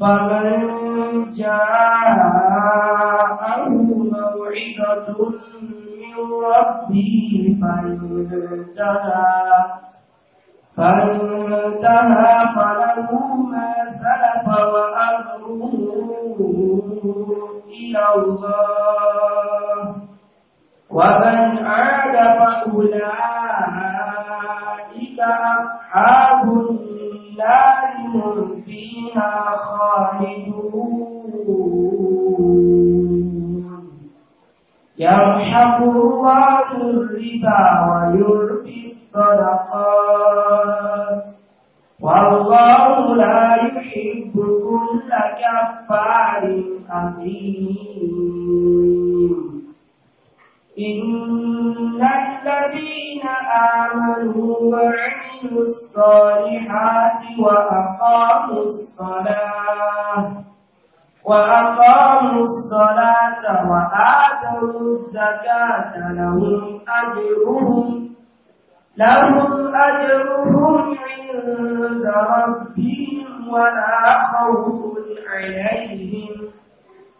فمن جاءه موعظة من ربه فانتهى فانتهى فله ما سلف وأمره إلى الله ومن عاد فأولئك أصحاب النار نار فيها خالدون يمحق الله الربا ويربي الصدقات والله لا يحب كل كفار أثيم إن الذين آمنوا وعملوا الصالحات وأقاموا الصلاة وأقاموا الصلاة وآتوا الزكاة لهم أجرهم لهم أجرهم عند ربهم ولا خوف عليهم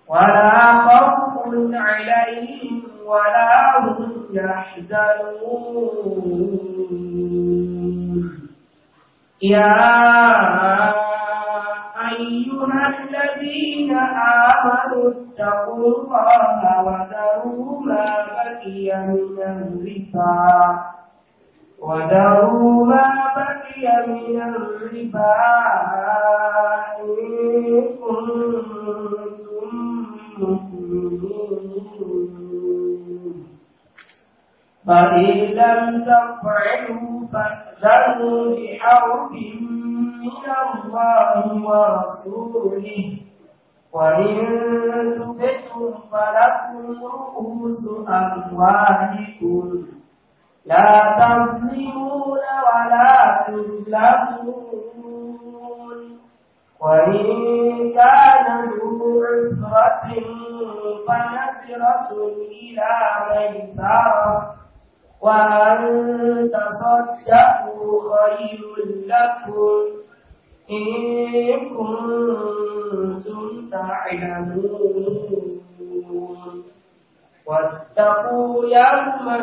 ولا خوف عليهم ولا هم يحزنون يا أيها الذين آمنوا اتقوا الله وذروا ما بقي من الربا وذروا ما بقي من الربا إن كنتم مؤمنون فإن لم تفعلوا فأذنوا بحرب من الله ورسوله وإن تبتم فلكم رؤوس أموالكم لا تظلمون ولا تظلمون وإن كان ذو عسرة فنذرة إلى ميسرة وأن تصدقوا خير لكم إن كنتم تعلمون واتقوا يوما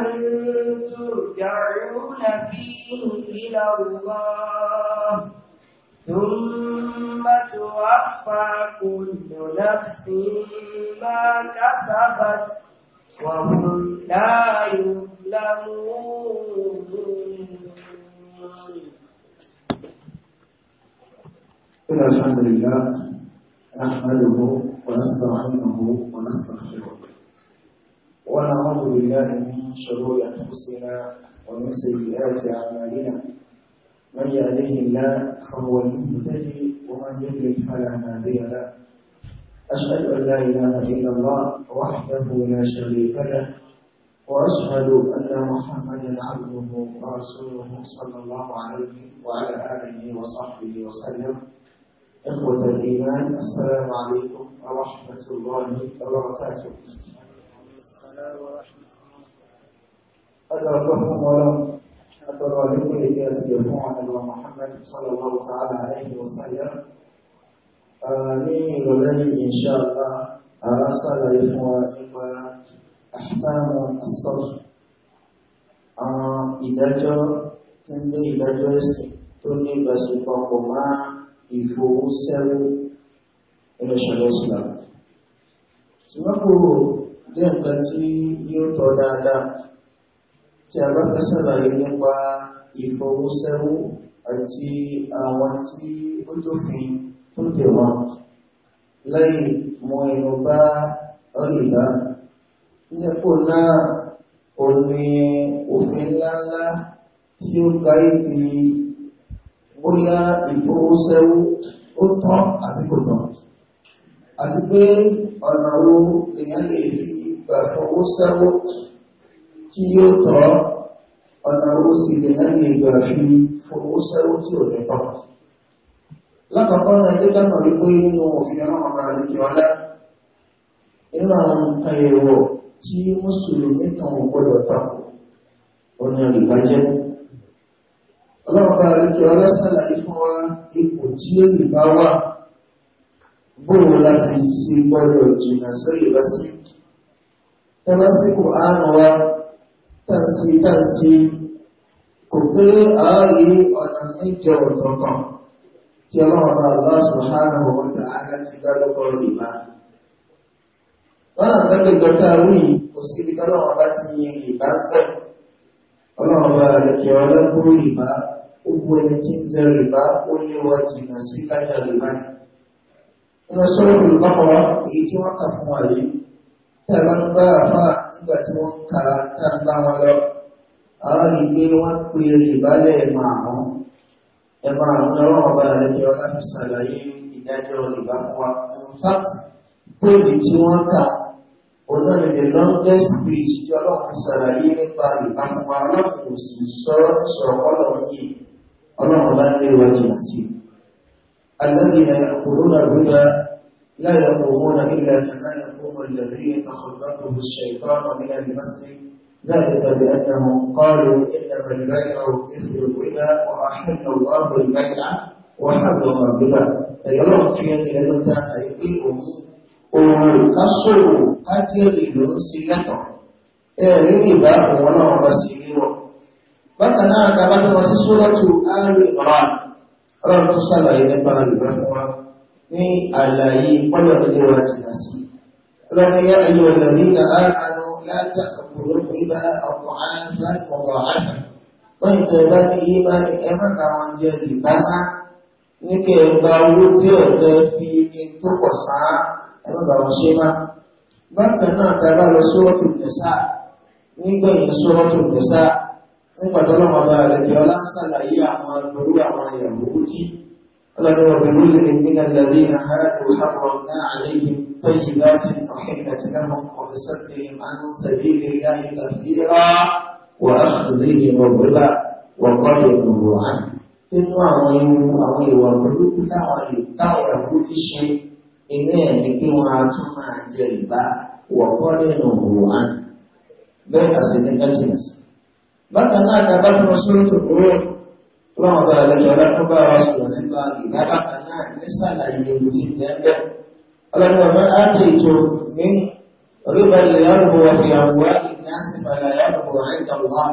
ترجعون فيه إلى الله ثم توفى كل نفس ما كسبت وهم لا يظلمون إن الحمد لله نحمده ونستعينه ونستغفره ونعوذ بالله من شرور أنفسنا ومن سيئات أعمالنا من يهده الله فهو المهتدي ومن يضلل فلا هادي له أشهد أن لا إله إلا الله وحده لا شريك له وأشهد أن محمدا عبده ورسوله صلى الله عليه وعلى آله وصحبه وسلم إخوة الإيمان السلام عليكم ورحمة الله وبركاته السلام ورحمة الله وبركاته لكم àtọ̀rọ̀ nípa èdè àti ìyẹ̀ fún ọ̀nàlọ́ Muhammad sallallahu ta'ala alayhi wa sallam ní ìrọ̀lẹ́ yìí insha Allah ara sàlàyé fún wa nípa àṣìdáàmù asọ́f àwọn ìdájọ́ tí ń lé ìdájọ́ ẹ̀sìn tó ní ìbáṣepọ̀ pọ̀ máa ìfowósẹ́wó ẹlẹ́ṣọ̀lẹ́ ìsìlámù ṣùgbọ́n kò jẹ́ nǹkan tí yóò tọ́ dáadáa tí a bá fẹ́ sàlàyé nípa ìfọwọ́sẹ́wó àti àwọn tí ó jófin tó dè wọn lẹ́yìn mọ inú bá rìbá nípò náà ò ní òfin ńláńlá tí ó ga ìdí bóyá ìfọwọ́sẹ́wó ó tán àbí kò tán àti pé ọ̀nà wo èèyàn lè fi gbà fọwọ́sẹ́wó tí yóò tọ́ ọ̀nà owó sí ilẹ̀ láti ìgbà fi fowó sẹ́wó tí ò ní tọ́. Lákọ̀ọ́kọ́ ní ẹjọ́ dámọ̀ wípé nínú òfin ọlọ́run bá lè jẹ ọlá. Nínú àwọn nǹkan èèwọ̀ tí Mùsùlùmí kan ò gbọdọ̀ tako, ó ní olùbájẹ́. Ọlọ́run bá lè jẹ ọlá sàlàyé fún wa ipò tí ó lè bá wà. Bóòwò láti ṣe gbọdọ̀ jìnnà sóyè bá sí. kò áàrùn wa tẹ̀sí tẹ̀sí kò pé ààrí ọ̀nà méje ọ̀tọ̀ọ̀tọ̀ tí Allah subhanahu wa ta'ala ti dá lọ́kọ̀ ìbá. lọ́nà mẹ́jọ tá a wí kò sí ibi tọ́lọ́run bá ti yin ìbá ń bẹ̀. ọlọ́run bá rẹ̀ kí ọlọ́gbó ìbá ó bu ẹni tẹ́ bá ń bá àfá nígbà tí wọ́n ka tágbá wọn lọ àwọn ìgbé wọn pe ìbálẹ̀ márùn ẹ márùn lọ́wọ́ ọba rẹ̀ jọ láti ṣàlàyé ìdájọ́ ìbá in fact tóbi tí wọ́n kà olórí the longest speech tí ọlọ́run ṣàlàyé nípa ìbá ọlọ́run kò sì sọ sọ ọlọ́run yìí ọlọ́run bá ń lé wájú àti الذين يأكلون الربا لا يقومون إلا كما يقوم الذي تخلطه الشيطان من المسجد ذلك بأنهم قالوا إنما البيع كفر الربا وأحل الله البيع وحرم الربا فيرغب في يد الأنثى أي الأم أم الأصل أتي بدنسيته ربا ولا مسيح بطل أعتقد وسورة آل عمران رب صلى الله عليه وسلم ní àlàyé pọ́lọ̀ ilé wa jìnà sí. Ọlọ́niyá ayé ọ̀lọ́rí na ààrùn látà àkùrò ìbá ọkọ̀ ààfà ọ̀rọ̀ ààfà. Wọ́n ìtọ̀ bá ní ìmá ní ẹmà káwọn jẹ́ ìbámá ní kẹ gba owó tí ọ̀tẹ́ fi in tó pọ̀ sáá ẹmà bàwọn ṣe má. Bákan náà ta bá lọ sọ́ọ̀tù ìfẹ̀sà nígbẹ̀yìn sọ́ọ̀tù ìfẹ̀sà nígbàdọ́lọ́mọba àlẹ́jọ́ lásàlàyé àwọn agbóró àwọn ìyàwó kí. الله بذل إننا الذين هادوا حرمنا عليهم طيبات أحلت لهم وبصدهم عن سبيل الله كثيرا وأخذهم الربا وقد يضروا عنه nínú àwọn ewu àwọn ìwà burúkú táwọn táwọn ẹ̀kú fi ṣe inú ẹ̀ ní kí wọ́n á tún máa jẹ ìbá wọ̀kọ́ nínú wùhán bẹ́ẹ̀ àṣẹ ní kájínẹ̀sì. bákan náà dábàá fún sóòtù òórùn ọlọ́run bá ẹlẹ́jọ́ ọlọ́run bá ara sọ̀rọ̀ nípa ìbábà kan náà ní sàlàyé ohun tí ìgbẹ́gbẹ́ ọlọ́run bá ápè ètò ní oríba ilẹ̀ yàrùbọ̀ wàfẹ̀ àwùwá ní àsìfàlà yàrùbọ̀ àìdàwà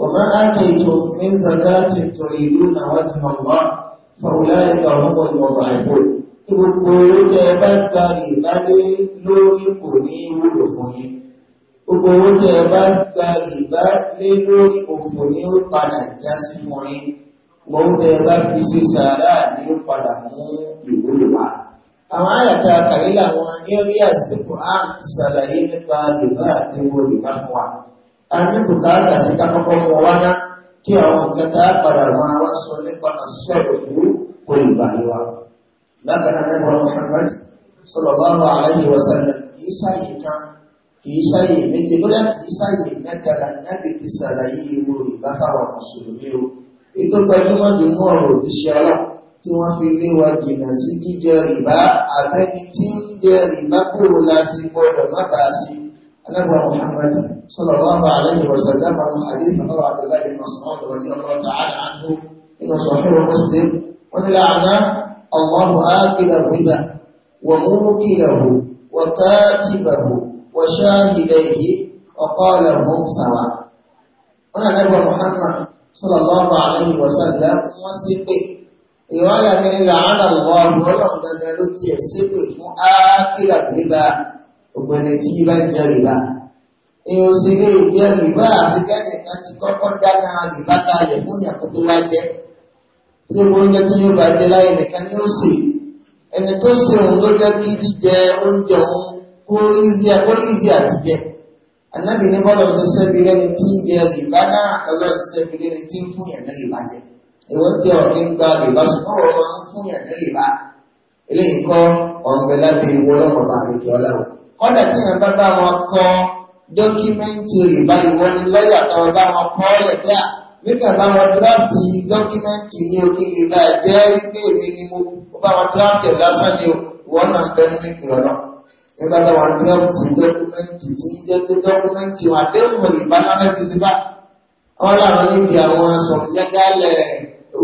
وما آتيتم من زكاة تريدون وجه الله فأولئك هم المضعفون gbogbo owó tẹ ẹ bá gba ìbálé lórí kò ní wúlò fún yín gbogbo owó bá gba ìbálé lórí òfò ní padà já sí fún yín gbọ́ndẹ bá fi sí sàárà ní padà mú ìwúlò wa. Àwọn àyàtà àkàrí làwọn areas tí Quran ti ṣàlàyé nípa ìbá àti ìwòlò bá fún wa. A ní bùkátà sí kákọ́kọ́ mọ wá ná kí àwọn nǹkan tá a padà sọ nípa àṣọ̀rọ̀ ìlú kò lè bà yíwa. Bákan náà nípa Muhammad sallallahu alaihi wa sallam kì í sáyè kan kì í sáyè méjì bóyá kì í sáyè mẹ́ta làǹdàbì ti ṣàlàyé ìwòlò ètò gbajúmọ̀ nínú ọ̀rọ̀ òjíṣẹ́ ọlá tí wọ́n fi lé wa jìnà sí jíjẹ rìbá àtẹni tí ń jẹ rìbá kúrò láti gbọdọ̀ má bàa sí alábọ̀ Muhammad sallallahu alaihi wa sallam àdéhùn náà Abdullahi Mas'ud radiyallahu ta'ala anhu nínú Sahih Muslim wọn làánà Allahu ákìlà rìbá wa múkìlàhu wa kátìbàhu wa shahidaihi wa qala sawa wọn Muhammad sallallahu alaihi wasallam wọ́n sí pé ìwáyà mi nílò àádọ́lọ́wọ́ ọlọ́run dandan ló tiẹ̀ sí pé fún ákìlà rìbá ògbẹ̀ni tí bá ń jẹ rìbá ìyẹn ò sì lè jẹ rìbá àfikẹ́ni kan ti kọ́kọ́ dáná rìbá kalẹ̀ fún ìyàpò tó wá jẹ tí ó oúnjẹ tí yóò bá jẹ láyé nìkan ni ó sì ẹni tó sì òun ló jẹ́ kí jíjẹ oúnjẹ òun kó ìzí àti Ànábì ní bọ́lọ̀ ṣe sẹ́bi lẹ́ni tí ń jẹ rìbá náà lọ́lọ́ ṣe sẹ́bi lẹ́ni tí ń fún yàn ní rìbá jẹ. Ìwọ tí ọ̀ ní gba rìbá ṣùgbọ́n ọ̀rọ̀ ń fún yàn ní rìbá. Eléyìí kọ́ ọ̀gbẹ́ lábẹ́ ìwọ lọ́wọ́ bá rẹ̀ jọ lọ́wọ́. Kọ́dà tí yàn bá bá wọn kọ dọ́kímẹ́ǹtì rìbá ìwọ ni lọ́yà tó bá wọn kọ́ lẹ̀ bí à. Nígbà bá wọn dráfì dọ́kímẹ́ǹtì ní òkè rìbá jẹ́ wípé èmi ni mo bá wọn dráfì lásán ni wọ́n náà bẹ́ẹ̀ ní ìrọ̀lọ́ nígbà táwọn dírẹ́fù dọ́kúmẹ́ǹtì ti ń jẹ́ pé dọ́kúmẹ́ǹtì wà déhùn ìbánáfẹ́ bisimá wọn làwọn níbi àwọn sọ̀rọ̀jẹ́gálẹ̀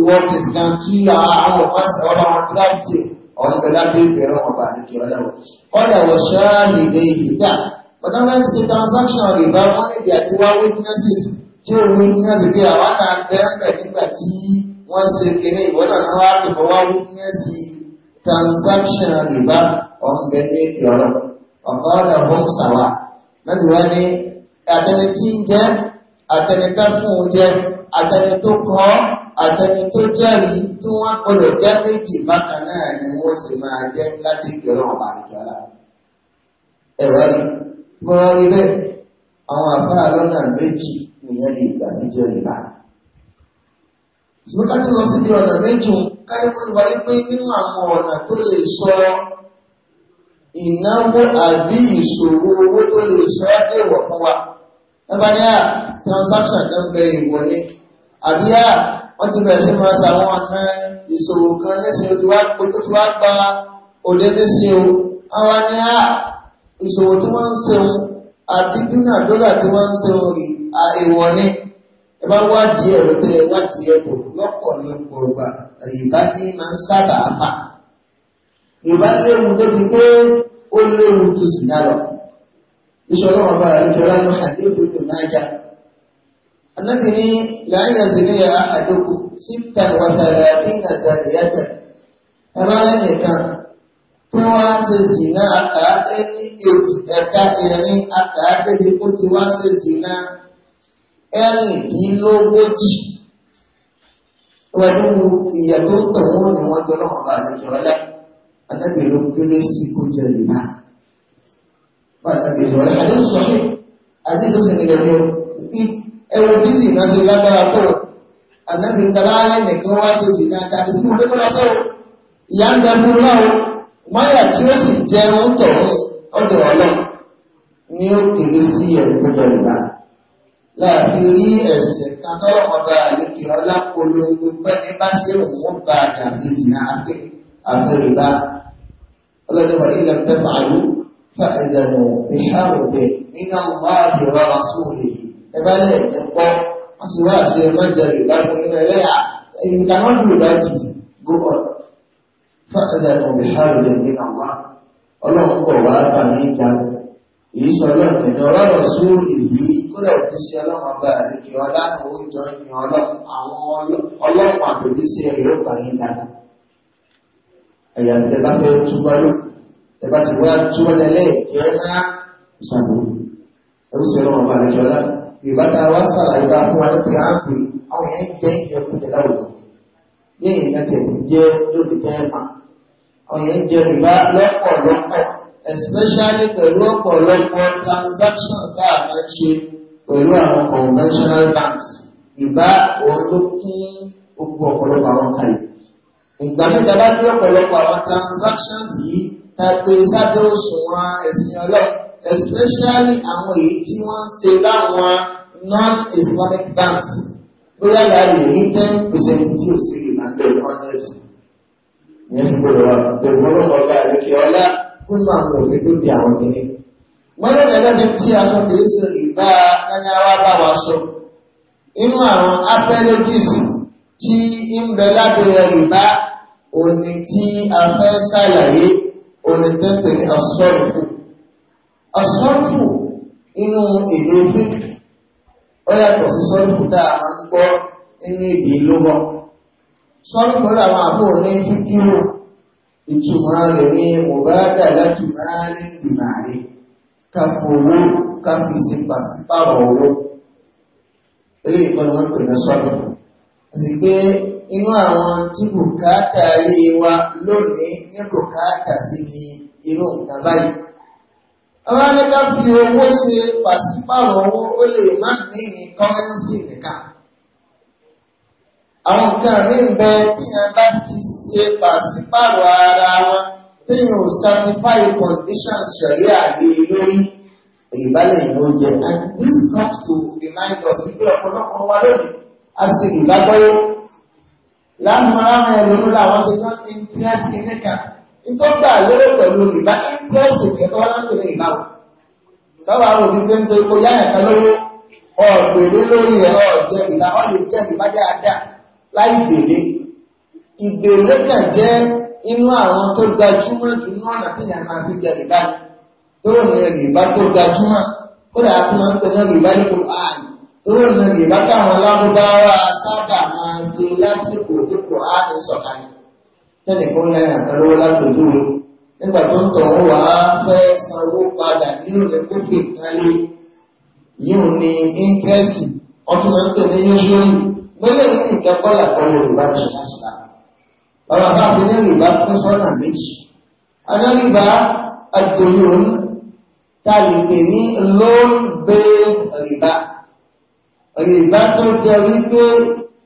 wọ́pìs kan kí àwọn ọ̀pọ̀sẹ̀ ọlọ́run kíláàsì ọ̀nbẹ̀lá bí ìbẹ̀rẹ̀ wọn bá ní kí ọlọ́run. ọ̀dà wọ̀ ṣáàlì lè yígbà bọ́dọ́mẹ́ntì ṣe transaction rìbá wọn níbi àti wá witnesses tí ó witness bí àwọn náà bẹ́ẹ̀ nígbà tí wọ́n ṣe kéré ìwọ́dọ̀ náà wá pẹ̀lú wá witnesses. transaction rìbá ọ̀nbẹ ní èpè ọ̀rọ̀ ọ̀kan ọ̀dà bọ́m sàwà mẹ́bí wá ní àtẹni tí ń jẹ́ àtẹni ká fún un jẹ́ àtẹni tó kọ́ àtẹni tó jẹ́rìí tí wọ́n gbọ́dọ̀ jẹ́ méjì bákan náà ni wọ́n sì máa jẹ́ láti èpè ọ̀rọ̀ àdìjọ́lá ẹ̀rọ rí wọ́n rí bẹ́ẹ̀ àwọn àfáà lọ́nà méjì nìyẹn lè gbà níjẹ́ ìbá ṣùgbọ́n ká tó lọ síbi ọ̀nà méjì kárí pé wáyé pé nínú àwọn ọ̀nà tó lè sọ ìnáwó àbí ìṣòro owó tó lè sọ ẹ́ èèwọ̀ fún wa nípa ní à transaction kan bẹ ìwọ ni àbí à wọ́n ti bẹ̀rẹ̀ sí máa ṣàwọn ọ̀nà ìṣòro kan lẹ́sìn tí wàá tí wàá gba òde ní sí o àwọn ní à ìṣòro tí wọ́n ń ṣe àbí dúnàdúrà tí wọ́n ń ṣe rí èèwọ̀ ni ẹ bá wádìí ẹ̀rọ tẹ wádìí ẹ̀rọ lọ́pọ̀lọpọ̀ gbà rìbá máa ń sábà fà ìbá léwu débi pé ó léwu tó sì ná lọ. Ìṣọ̀lọ́ ọba àríkẹ́lá ló hàdí òfin náà já. Anábì ní láyé ìsinmi ya àdókù síta wàtàrà àti nàzàríyàtà. Ẹ máa ń nìkan tó wá ṣe sì náà àká ẹni èjì ẹ̀ka ẹ̀rin àká débi kó ti wá ṣe sì náà ẹ̀rìndínlógójì pẹ̀lú ìyàtọ̀ tọ̀wọ́ ni wọ́n jọ náà ọba àríkẹ́lá. Ànábì ló kéré sí kó jẹ rìbá. Ànábì sọ̀rọ̀ àdéhùn sọ̀rọ̀ àdéhùn sì ní ẹgbẹ́ bí ẹwọ bí sì máa ṣe lágbára tó. Ànábì ń tabá lẹ́nìkan wá ṣe sì náà tàbí sí ìgbé múra sọ̀rọ̀. Ìyá ń ga fún náà máyà tí ó sì jẹ ń tọ̀ ọ̀dọ̀ ọ̀lọ́ ni ó kéré sí ẹ̀rù tó jẹ rìbá. Láàfin rí ẹ̀sẹ̀ kan tọ́lọ́mọ bá àlékè ọlá polongo pẹ́ni ọlọ́dún wa ilẹ̀ tẹ́fàálù fàìdànù ìhàrùbẹ̀ iná máàlì wa rasúlì ẹbálẹ̀ ẹ̀kọ́ wọ́n sì wá sí ẹmọ́ jẹrì lábọ̀ nínú ẹlẹ́yà ẹ̀yìn kanáà lù láti gbogbo fàìdànù ìhàrùbẹ̀ iná wá ọlọ́pọ̀ wá bà ní ìjànù èyí sọ lọ́nà ìjọba rasúlì yìí kódà òbí sí bá àdékè ọlá àwọn oúnjẹ ìyàn sí ẹ̀yọ́ bà ní ìjànù ẹ̀yà tẹ́bá fẹ́ túbọ̀ lò tẹ́bá ti wá túbọ̀ tẹ́lẹ̀ jẹ́ náà ìṣàbò ẹgbẹ́sẹ̀ lọ́wọ́ bá lẹ́jọ́ lá ìbáta wá sàlàyé bá fún wa ní pé á pè àwọn yẹn jẹ́ ìjẹkújẹ láwùjọ yẹn ìyẹn tẹ̀ jẹ́ lórí tẹ́ẹ̀fà àwọn yẹn jẹ́ rìbá lọ́pọ̀lọpọ̀ especially pẹ̀lú ọ̀pọ̀lọpọ̀ transactions tá a máa ń ṣe pẹ̀lú àwọn conventional banks ìbá òun ló kún gbogbo ọ̀pọ̀lọpọ̀ àwọn kan yìí ìgbà mẹ́ta bá gbé ọ̀pọ̀lọpọ̀ àwọn transactions yìí ta pé sábẹ́ òṣùwọ̀n ẹ̀sìn especially àwọn èyí tí wọ́n ń ṣe láwọn non-islamic banks bóyá láàrin èyí ten percent tí ò sí ìlànà bẹ̀rẹ̀ hundred ìyẹn ní gbọ́dọ̀ wà bẹ̀rẹ̀ ọlọ́run ọba àríkè ọlá kó nù àwọn òfin tó di àwọn kìíní. wọ́n lè lẹ́gbẹ́ bí tí aṣọ kìí ṣe ìbá ẹnyáwá bá wa sọ inú àwọn apẹ́lẹ́gìsì tí ń bẹ lábẹ́ ìbá òní tí a fẹ́ ṣàlàyé òní tẹ́pẹ̀ ní asọ́rùfù asọ́rùfù inú èdè fíkì ó yàtọ̀ sí sọ́rùfù tá a máa ń gbọ́ nínú èdè lóbọ̀ sọ́rùfù làwọn àbò ní fíkìrù ìtumọ̀ rẹ̀ ní mùbádà láti máa ní ìmàrí ká fowó ká fi ṣe pàṣípàrọ̀ owó eléyìí kọ́ ni wọ́n pè ní sọ́rùfù àti pé inú àwọn tí bùkátà ayé wa lónìí ní bùkátà sí ni irú nǹkan báyìí. Àwọn alẹ́ká fi owó ṣe pàṣípàrọ̀ owó ó lè má ní ní kọ́rẹ́nsì nìkan. Àwọn nǹkan ní ń bẹ tíyàn bá fi ṣe pàṣípàrọ̀ ara wọn tíyàn ò satisfy condition ṣẹ̀ríà lé lórí ìbálẹ̀ yìí ó jẹ. And this comes to remind us wípé ọ̀pọ̀lọpọ̀ wa lónìí, a sì rí lágbọ́yé láàmú aráwọn ẹlòmíràn làwọn ṣe tán interest kẹ́kẹ́kà nítorí lérò pẹ̀lú ìbá interest kẹ́kọ́ wọn láti rìn ìbáwò tọ́wọ́ àwọn òbí pé ń tó ipò yáyà kan lówó ọ̀gbẹ̀lé lórí ẹ̀rọ ọ̀jẹ̀ ìbá wọn lè jẹ́ ìbá dáadáa láì dèlé ìdèlé kàn jẹ́ inú àwọn tó gbajúmọ̀ jù ní ọ̀nà tí ìyàmà fi jẹ ìbá ni tó ní ẹ̀rì ìbá tó gbajúmọ̀ kódà a Lórí ìlú Yorùbá táwọn alábúbáwá sábà máa ń gbé lásìkò dípò áàdì sọ̀kalẹ̀. Tẹ́lẹ̀ ń yára kan lówó látòjú o. Nígbà tó ń tọ̀ ń wà á fẹ́ sanwó padà nínú rẹ̀ kó fi Yíò ní íńtẹ́sì, ọtún máa ń pè ní Yóṣúrì. Gbẹ́lẹ̀ ní nǹkan kọ́là kọ́lá Yorùbá ní ṣàṣà. Ọ̀rọ̀ bá fi ní Yorùbá pín sọ́nà méjì. Adọ́rìbá àgbòyún tá a pè ní loan based rìbá tó jẹ wípé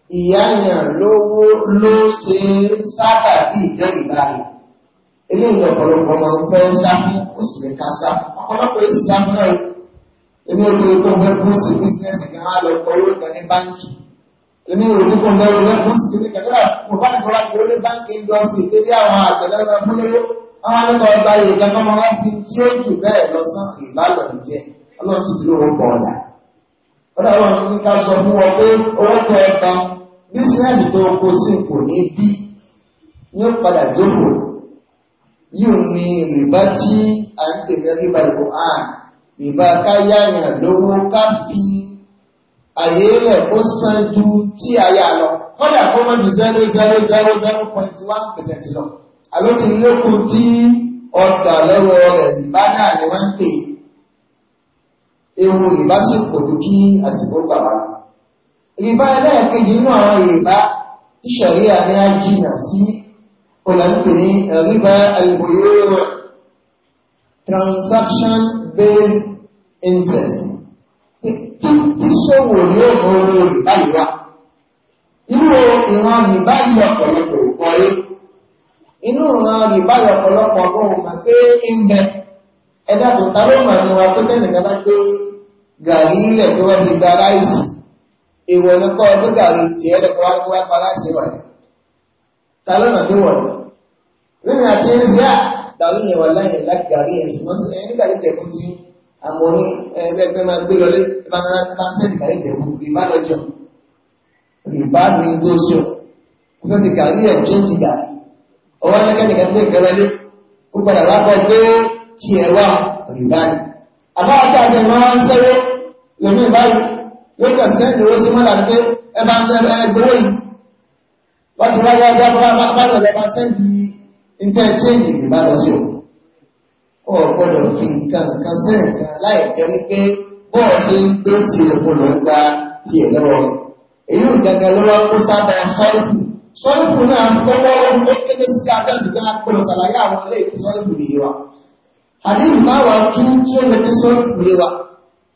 ìyáyàn lówó ló ṣe sábà bí ìjọ ìbáyìí eléyìí ọ̀pọ̀lọpọ̀ máa ń fẹ́ sáfún ó sì lè ka sáfún ọ̀pọ̀lọpọ̀ èsì sáfún náà èmi ò lè kó fẹ́ búùsì bísínẹ́sì kan á lọ pọ̀ owó kan ní báńkì èmi ò lè kó fẹ́ fẹ́ búùsì kan ní kẹ̀kẹ́ náà mo bá nìkan láti wọlé báńkì ń lọ sí ìdébí àwọn àgbẹ̀lẹ́gbẹ̀ múlẹ́rẹ́ ọlọ́run ní ká sọ fún wọn pé owó tó ẹ ta bísíǹsì tó kó sí kò ní bí yóò padà dókò yóò ní rìbá tí à ń pè ní rìbá ìbò àn rìbá káyáyàn lówó ká fi àyè rẹ̀ kó san ju tí a yà lọ kọ́dà kó mọ́ ju zero zero zero zero point one percent lọ àló ti lókun tí ọ̀tà lọ́wọ́ rẹ̀ rìbá náà ni wọ́n ń pè é ewu ìbá sì pọ̀ ju kí àsìkò gbà wá. Ìbá ẹlẹ́ẹ̀kejì inú àwọn ìbá ìṣẹ̀rí àní àjìnà sí olàǹpè ní riba al transaction based interest. Tí ṣòwò yóò mọ owó ìbá ìwà. Inú ìran ìbá yìí ọ̀pọ̀lọpọ̀ kọ́ yé. Inú ìran ìbá yìí ọ̀pọ̀lọpọ̀ kọ́ ò ń bẹ ẹ̀dá kò ta ló mọ̀ ẹ̀rọ apẹ́tẹ́ nìkan bá gbé gàrí ilẹ̀ tó wọ́n fi gba ráìsì èèwọ̀ ní kọ́ ọdún gàrí tiẹ̀ lẹ̀ kó wá kó wá pa ráìsì wà ní. ta ló mọ̀ tó wọ̀ ní. lónìí àti ẹni sí à gàrí yẹn wà láyìn láti gàrí yẹn ṣùgbọ́n sí ẹni gàrí tẹ̀kún sí àmọ́ ní ẹgbẹ́ máa gbé lọlé bá ń sẹ́ni gàrí tẹ̀kún ìbá lọ́jọ́ ìbá tí ẹ wà rìbá ni àbá àti àjẹ máa ń sẹ́wọ́ lómi báyìí yóò kàn sẹ́ńdì owó sí mọ́là pé ẹ bá ń tẹ́ ẹ gbowó yìí wọ́n ti wáyé ajá bá bá lọ́lẹ̀ bá sẹ́ńdì níta ẹ̀chẹ́ǹdì rìbá lọ sí òun ó gbọ́dọ̀ fi nǹkan kan sẹ́ǹkan láì jẹ́ wípé bọ́ọ̀ ṣe ń gbé tiẹ̀ fún lọ gba tiẹ̀ lọ́wọ́ èyí ò gẹ́gẹ́ lọ́wọ́ kó sábà sọ́ọ̀fù sọ́ọ̀fù náà tọ́wọ́ ó kéde sí abẹ́ ṣùgbọ́n akpọ̀lọ̀ sàlàyé àwọn ilé ìkó sọ́ọ̀fù حديث ما وجود شيء بتسوي ميرا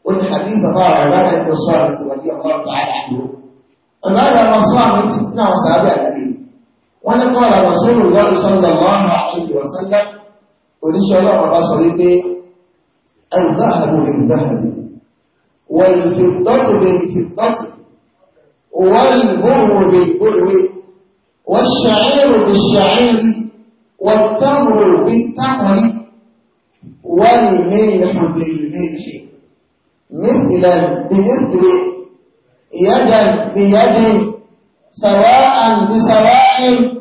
والحديث ما رأى ابن صامت رضي الله تعالى عنه أما أبو صامت نعم صحابي النبي وأنا قال رسول الله صلى الله عليه وسلم قل شاء الله ما صليبي الذهب بالذهب والفضة بالفضة والبر بالبر والشعير بالشعير والتمر بالتمر والملح بالملح مثلا بمثل يدا بيد سواء بسواء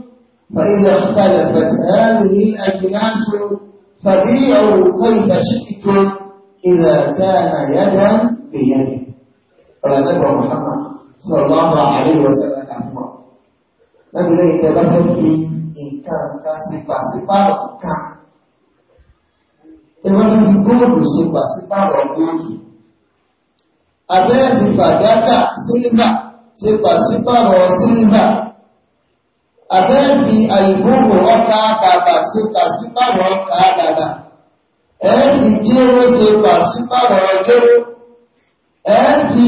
فإذا اختلفت هذه الأجناس فبيعوا كيف شئتم إذا كان يدا بيد فنبي محمد صلى الله عليه وسلم أفضل نبي لا بكت في إن كان كاسبا سبا كان ẹwọ́n ti fi góòlù ṣe pàṣípàrọ̀ góòlù abẹ́ẹ̀fì fàdákà sílíbà ṣe pàṣípàrọ̀ sílíbà abẹ́ẹ̀fì àlìbóòrò ọkà bàbà ṣe pàṣípàrọ̀ ọkà bàbà ẹ̀ẹ́fì jéró ṣe pàṣípàrọ̀ jéró ẹ̀ẹ́fì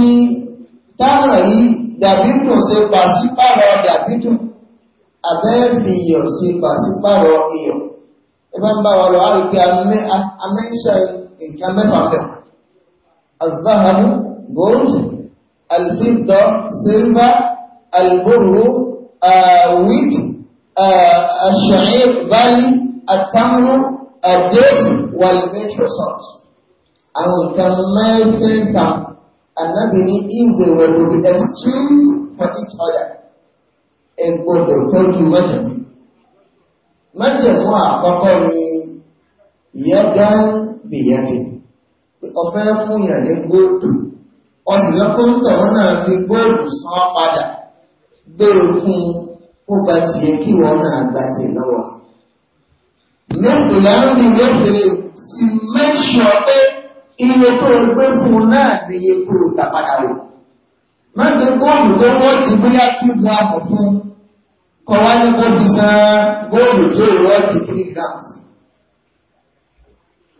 táwọn yìí dàbídù ṣe pàṣípàrọ̀ dàbídù abẹ́ẹ̀fì iyọ̀ ṣe pàṣípàrọ̀ iyọ̀ ẹ bá ń bá wa lọ á rí pé nǹkan mẹ́fà mẹ́wàá azahabu gold alfidda silver alburu wheat ashair barley atamru adate walmehosot àwọn nǹkan mẹ́fẹ̀ẹ̀fà Ànábì ní if they were to be exchanged for each other gbọ́dọ̀ tọ́jú mọ́jọ̀mí májẹ̀mú àkọ́kọ́ ni ìyẹ́dán bìyẹ́dì ọ̀fẹ́ fún yàn ní góòdù ọ̀sìnlẹ̀ fún tọ̀hún náà fi góòdù san padà gbèrò e fún ó gba tiẹ̀ kí wọ́n náà gba tiẹ̀ lọ́wọ́ nígbìlá ń rìn lóbìnrin sí mẹ́ṣọ̀ pé iye tó o gbé fún náà kọwa ní góòlù sáà góòlù tí ó rọ́ ti 3 grams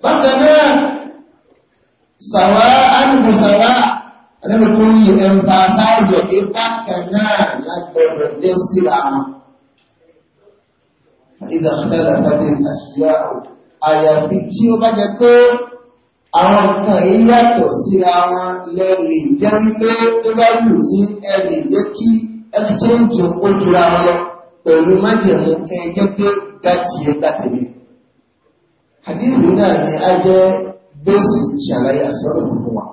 bákanáà sàwá ánìbò sàwá alẹ́mọ̀kúnrin ẹ̀mfà sáàjọ̀ pé bákanáà lágbọ̀rọ̀ jẹ́ síra ìdàkítàlà fàtí àṣíyà àyàfi tí ó bá jẹ pé àwọn nǹkan yìí yàtọ̀ síra wọn lẹ́lẹ̀ jẹ́ wípé tó bá lù sí ẹ̀lẹ̀ jẹ́ kí ẹ̀kíchẹ́ǹjì ó jura wọn lọ pẹ̀lú májẹ̀mú ẹjẹ́ pé dáti ẹgbà tẹ̀lé àdífì náà ni a jẹ́ bẹ́ẹ̀sì ṣàlàyé àsọ́rọ̀ fún wa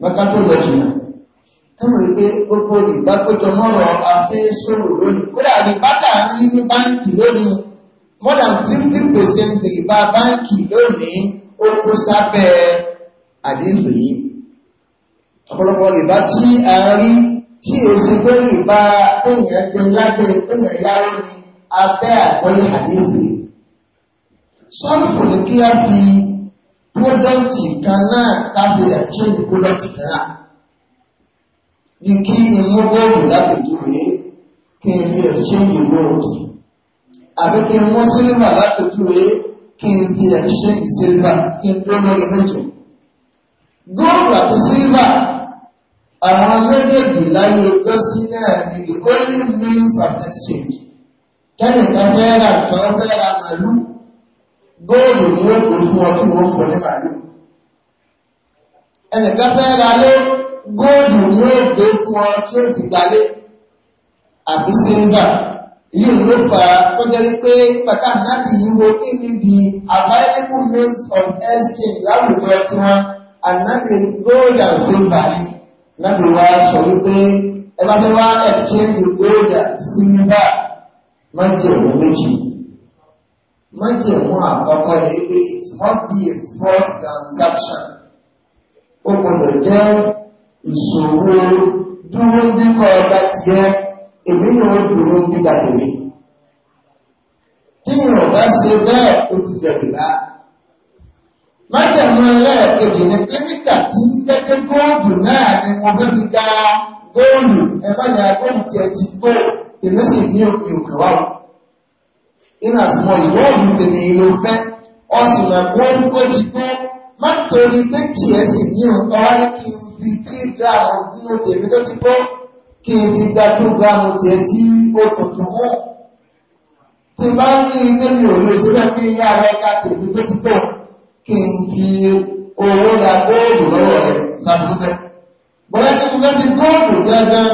mọ́kànlọ́ jìnà tọ́mọ̀ wípé gbogbo ìbákójọ mọ́rọ̀ afẹ́ sọ̀rọ̀ lónìí kódà ní bátà ń ní báńkì lónìí more than fifty percent ìbá báńkì lónìí ó kó sábẹ́ àdífì yìí ọ̀pọ̀lọpọ̀ ìbá tí a rí tí èsì pé ìbára èèyàn gbé lábẹ́ ìpínlẹ̀ yàrá ni abẹ́ àgbọ́lé àdéhùn. sọ́ọ̀fù ni kí a fi púrọ́dọ̀tì kan náà tábìlì àtúnṣe púrọ́dọ̀tì kan náà. ni kí inú bóòlù lápèjúwe kí n fi exchange gold àbí kí n mú sílímà lápèjúwe kí n fi exchange silver kí n tó lórí méjì. góòlù àti sílímà àwọn méjèèjì láyé ẹjọ́ sí ni the only means of exchange kẹ́nìkan fẹ́ra kan fẹ́ra màálù góòlù ni ó kò fún ọtí wọn fún ní màálù ẹnìkan fẹ́ra lé góòlù ni ó gbé fún ọ tí ó fi gbalé àbí sílvà yìí ló fà á tó jẹ́ wípé pàtà náàbì yìí wo kí ni the available means of exchange láwùjọ tiwọn ànábì gold and silver ni lẹ́nu wa sọ wípé ẹ bá fẹ́ wá exchange gold sí nígbà májèmú méjì májèmú àkọ́kọ́ ni pé it must be a sport transaction ó gbọdọ̀ jẹ́ ìṣòro dúró bíkọ́ ọba tiẹ́ èmi ni ó dúró bíkà tèmi tí ìrọ̀bá ṣe bẹ́ẹ̀ ó ti jẹ ìbá májẹ̀mú ẹlẹ́ẹ̀kejì ni pé nígbà tí gẹ́gẹ́ góòlù náà ni mo bẹ́ fi dá góòlù ẹ̀fọ́nì agbóhùn tí ẹ ti gbó èmi sì ní òkè òkè wá. iná àsìmọ̀ ìwọ òun tèmi ìlú fẹ́ ọ̀sùn náà góòlù tó ti gbó má torí pé tí ẹ sì ní òkè wá ní kí n fi kí gíráàmù bí ó tèmi tó ti gbó kí n fi gba tó gíráàmù tí ẹ ti ó tuntun mú. tí bá ń rí ilé mi ò lè síbẹ̀ kí n fi owó ra góòlù lọ́wọ́ rẹ̀ sàbùkúfẹ́. Bọ́lá tí mo fẹ́ fi góòlù gángan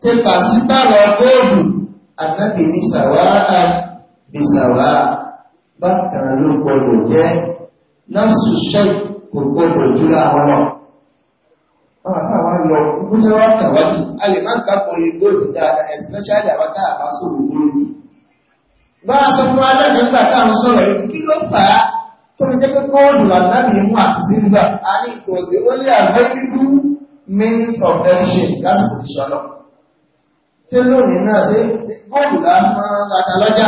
ṣe pàṣípàrọ̀ góòlù ànábì ní sàwáà bí sàwáà bákan ló gbọdọ̀ jẹ́ nọ́ọ̀sì ṣẹ́ kò gbọdọ̀ jùlọ àwọn náà. Àwọn àtàwọn lọ kúkú tí wọ́n kà wájú. A lè má gbàgbọ́ iye góòlù dáadáa especially àwọn tá a bá sọ̀rọ̀ góòlù. Bá a sọ fún adájọ́ nígbà táwọn sọ̀rọ̀ yìí kí ló fà á? tó fi jẹ́ pé góòlù àlábì mú àti zimba a ní ìtòdè ó lé àgbẹ́gbẹ́gbú means of action lásìkò ìṣọ́lọ́ ṣé lónìí náà ṣe góòlù là máa ń bàtà lọ́jà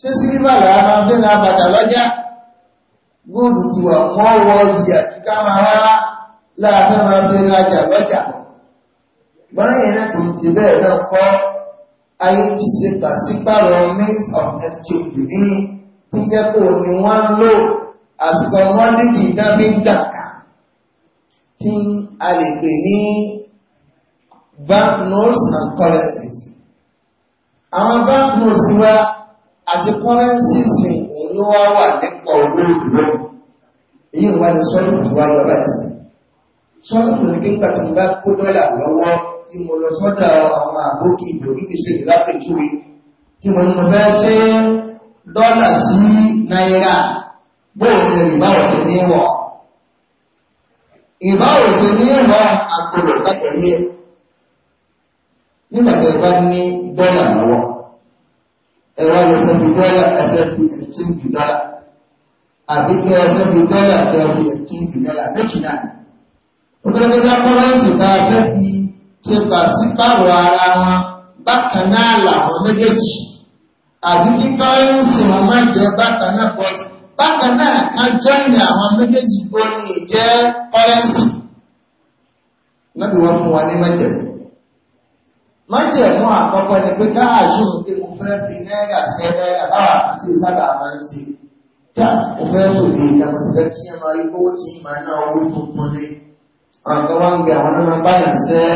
ṣé sílíbà là máa ń bẹ́ẹ̀ bàtà lọ́jà góòlù ti wà wọ́n wọ ìyà kíkà máa rárá láàbẹ́ máa bẹ́ẹ̀ rajà lọ́jà wọ́n yẹn náà tó ti bẹ́ẹ̀ náà kọ́ ayé ti ṣe pàṣípàrọ̀ means of action yìí tí jẹ́ kó ní wọ́n lò àsìkò wọ́n dídì ìdábí gbàkà tí a lè pè ní banknotes and currencies àwọn banknotes wa àti currencies òun ló wá wà nípa owó ìlú èyí wà ní sọ́yìn tí wáyé ọba ní sí sọ́yìn fún ní kíkà tí mo bá kó dọ́là lọ́wọ́ tí mo lọ sọ́dọ̀ àwọn àbókì ìbò kíkì ṣe ìlápẹ̀júwe tí mo ní mo fẹ́ ṣe é dọ́là sí náírà bóò ní ìbá òsè ní wọ̀. ìbá òsè ní wọ̀ àpòlò kápẹ̀lẹ́ nígbà tó bá ní dọ́là lọ́wọ́ ẹ̀rọ ìfẹ́ fi dọ́là ẹ̀fẹ́ fi ẹ̀kíńjì dọ́là àbí kí ẹ̀fẹ́ fi dọ́là kí ẹ̀fẹ́ ẹ̀kíńjì dọ́là méjì náà. obìnrin tó kọ́ láìsí ká fẹ́ fi ṣe pàṣípàrọ̀ ara wọn bákan náà làwọn méjèèjì àbí kí pẹ́rẹ́ǹsì wọn má jẹ́ bákan náà pọ̀ bákan náà kan àwọn méjèèjì ó ní jẹ́ pẹ́rẹ́ǹsì náà bí fún wa ní májẹ̀mú májẹ̀mú àkọ́kọ́ ni pé káàṣù pé mo fẹ́ fi náírà sí náírà báwa sí sábà máa ń ṣe dá mo fẹ́ sòdì ìdàmú sí fẹ́ kí ẹ máa rí owó tí ì máa ná owó tuntun ni àwọn kan wá ń gbé àwọn náà máa sẹ́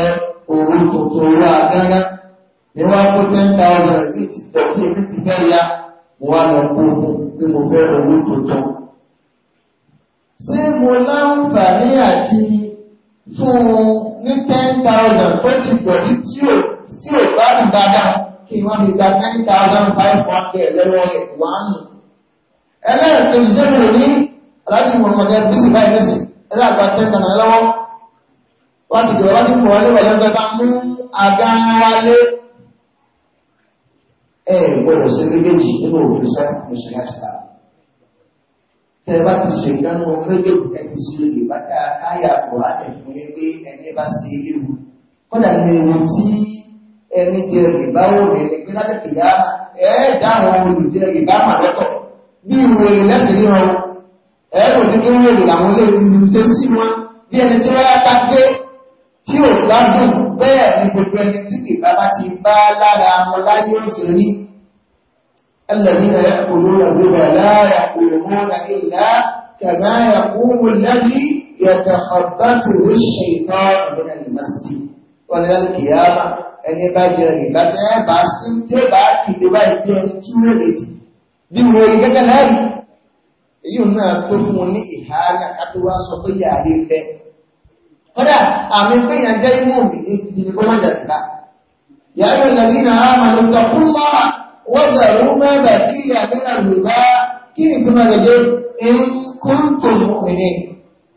owó tuntun owó agárá ní wọ́n kó ten thousand sí ti tẹ̀ sí ebi ti fẹ́ ya wọ́n lọ kó fún pé mo fẹ́ owó tuntun. ṣé mo láǹfààní àti fún un ní ten thousand tó ti pẹ̀lú tí ò tí ò bá dùn dáadáa kí wọ́n fi gba ten thousand five hundred lọ́wọ́ ẹ̀ wánu. ẹlẹ́ẹ̀kejì ṣé mo ní aláàbí mọ̀mọ́dé bísí báyìí bísí ẹlẹ́àgbà ten thousand lọ́wọ́ wọ́n ti dọ̀rọ̀ wọ́n ti fọ̀ ọ́ lé wọ̀lẹ́gbẹ́ bá mú àga wálé ẹ gbọ́dọ̀ sí méjèèjì nínú òfin sáà lóṣù láṣà tẹ bá ti ṣe ìdánwò méjèèjì ẹ ti ṣe ìbádá káyà kọ̀ọ̀rọ̀ àtẹ̀kùn yẹn pé ẹni bá ṣe ilé wò kódà ní ewu tí ẹni jẹ rìbá wò ní ẹni pé láti kìyà ẹ dáhùn olùjẹ rìbá mà lẹ́kọ̀ọ́ bí ìwé lẹ́sìn ní wọn ẹ kò ní kí wọ́n lè làwọn olóòtú ṣe sí wọn bí ẹni tí wọ́n yá ká gbé tí ò gbádùn bẹ́ẹ̀ ni gbogbo ẹni tí kìkà bá ti bá lára wọn láyé òsè rí الذين يأكلون الربا لا يقومون إلا كما يقوم الذي يتخبطه الشيطان من المس ولذلك يا ẹni bá jẹ rìbá tẹ́ bá sí tí ó bá kìdé bá ìgbé ẹni tí ó rẹ̀ tí bí wo rí gẹ́gẹ́ láì èyí náà tó fún ní ìhà ní àkàtúwá sọ pé yàrá ilẹ̀ kódà àmì pun yang jadi mumi, mi ní ìdìbò má jàdùbá yàrá ìlànà náà màlúù tọkúnlá wọ́n dàrú mẹ́bà kini àmìnà lùbá kí ni túmọ̀ lè dé ìkúntùn òmìnir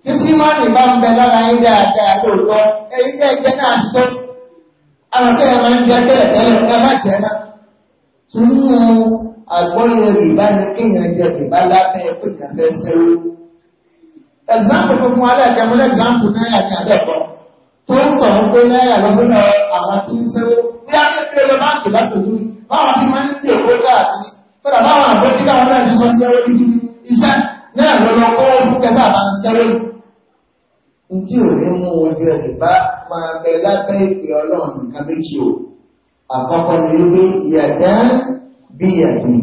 títí má ní bá ń bẹ lára yín dáadáa lóòótọ́ èyí jẹ́ ìjẹ́ náà ti tó àwọn akẹ́yà macam? ń jẹ́ tẹ́lẹ̀tẹ́lẹ̀ ẹ má jẹ́ náà tún mú àgbọ́yẹ̀ rìbá ní kéèyàn example tó fún alẹ́ ẹ̀kẹ́ mọ́lẹ́ example náírà ní àdẹ́kọ́ tó ń tọ̀ ń gbé náírà lọ́sọ́nà àwọn tí ń sẹ́wó bí a ti fi ẹlẹ́ báńkì láti òun báwọn tí máa ń fi èkó káàkiri fẹ́rẹ̀ báwọn àgbẹ̀ tí káwọn náà ní sọ sẹ́wó gidi iṣẹ́ náà lọ́lọ́ kọ́ ọdún kẹta àbá ń sẹ́wó. n tí ò ní mú ojú ẹ̀ bá máa bẹ lábẹ́ ìpè ọlọ́run nǹkan méjì o àkọ́kọ́ ni wípé ìyàdá bí ìyàdí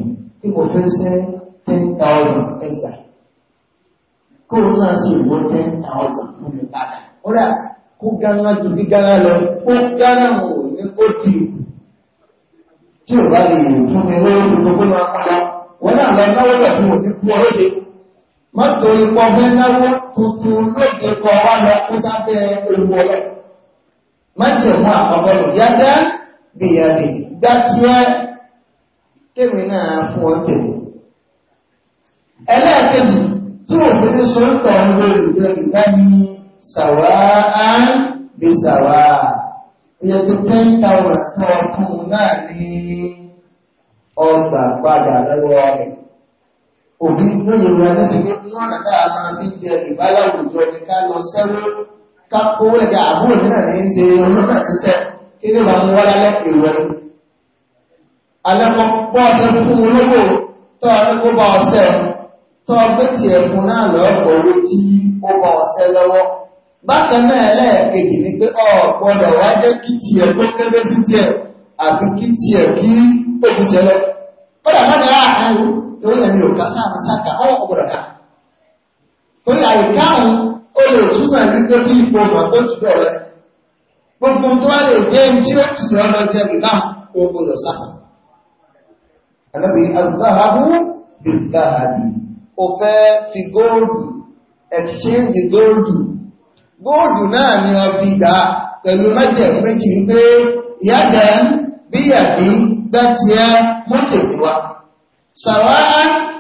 ẹgbàá kó o náà sì wọ ten thousand fún mi padà kódà kó gánà ju gígánà lọ kó gánà wò ní kó di tí o bá lè fún mi lórí gbogbo náà padà wọn náà lọ náwó lọ tí mo fi kú ọ lóde má torí pọ fẹ náwó tuntun lóde kọ wá lọ kó sábẹ́ owó ọlọ má jẹ mú àkọ́kọ́ lọ yájá gbìyànjú gbàtíẹ kémi náà fún ọ tèmi ẹlẹ́ẹ̀kejì tí òfin ní sọ́ńtọ̀ ń lo ìlú ìgbà ní sàwáà lè sàwáà ẹ̀yẹ tó ten thousand tó ọkùn náà ní ọgbà padà lọ́wọ́ rẹ̀ òbí ló yẹ wọ́n ní sinmi wọ́n náà dáa máa fi jẹ ìbálàwùjọ ní ká lọ sẹ́wọ́ ká kówó ẹ̀dá àbúrò nínà ní í ṣe olóhùn náà sẹ́ kí ni wàá wá lálẹ́ èèwọ̀ ni. alẹ́ ọ̀sẹ̀ fún olówó tó tó ọgbẹ́ ti ẹ̀fún náà lọ́pọ̀ owó tí ó bọ̀ ọ̀sẹ́ lọ́wọ́ bákan náà lẹ́ẹ̀kejì ni pé o gbọ́dọ̀ wá jẹ́ kí tiẹ̀ tó kéré sí tiẹ̀ àbí kí tiẹ̀ kí tóbi tiẹ̀ lọ kódà má dáa àárín torí ẹ̀mí ò ká sáà sáàkà ọwọ́ ọgbọ̀dọ̀ ká torí àìkáhùn ó lè túmọ̀ ní pé bí ipò tó jù bọ̀ rẹ gbogbo tó wá lè jẹ́ tí ó ti lọ́ lọ jẹ́ ìbá ogun lọ sáà o fẹ́ fi góòdù exchange góòdù góòdù náà ni ọ fi dá pẹ̀lú májẹ̀mú méjì wípé ìyájẹ́ bíyàdí dátìẹ́ mọ́tẹ̀tì wa sàwá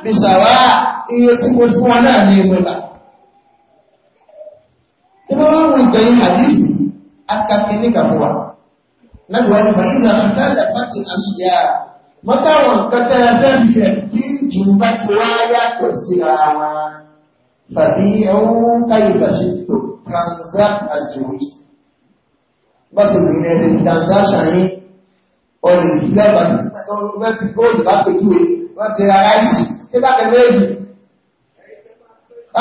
bí sàwá iye tí mo fún wa náà ní ìmúlà tí wọ́n wọ́n wọ́n gbẹ̀yìn àdífì akakẹ́ nígbà fún wa lágbàá nípa ìlànà tálẹ̀ àṣìyà mọ́tàwọn kẹta ẹgbẹ́ tí jù bá ti wá yàtọ̀ síra wọn tàbí ẹ̀wọ̀n káyọ̀fàṣẹ́ tó transact as you wish bá sì rìn ẹ̀rẹ̀ transaction yìí ọ̀rẹ́ ìgbà bá ti tọ́ ló fẹ́ fi góòlù lápẹ̀júwe wọ́n ti ra ráìsì tí bá kẹ́ méjì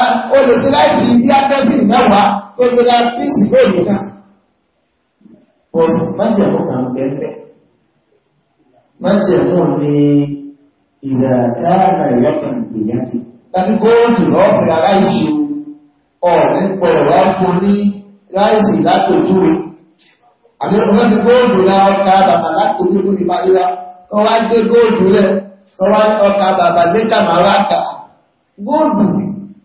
ah, olùsí láìsí bí atẹ́sì mẹ́wàá tó ti ra píìsì góòlù kan. Bọ̀sùn má jẹ̀ fún májẹ̀mú ni ìdàkáàrà ìyọ́kàn ìgbìyànjú tàbí góòlù lọ́ọ̀fẹ́ aláìṣe ọ̀rẹ́ pọ̀rọ̀ wá fún ní ráìsì látòjúwe àbí ọmọ ti góòlù la ọkà bàbà látòjúwe ní báyíwá wọ́n wá gbé góòlù rẹ̀ wọ́n wá ọkà bàbà lẹ́kà máa kà góòlù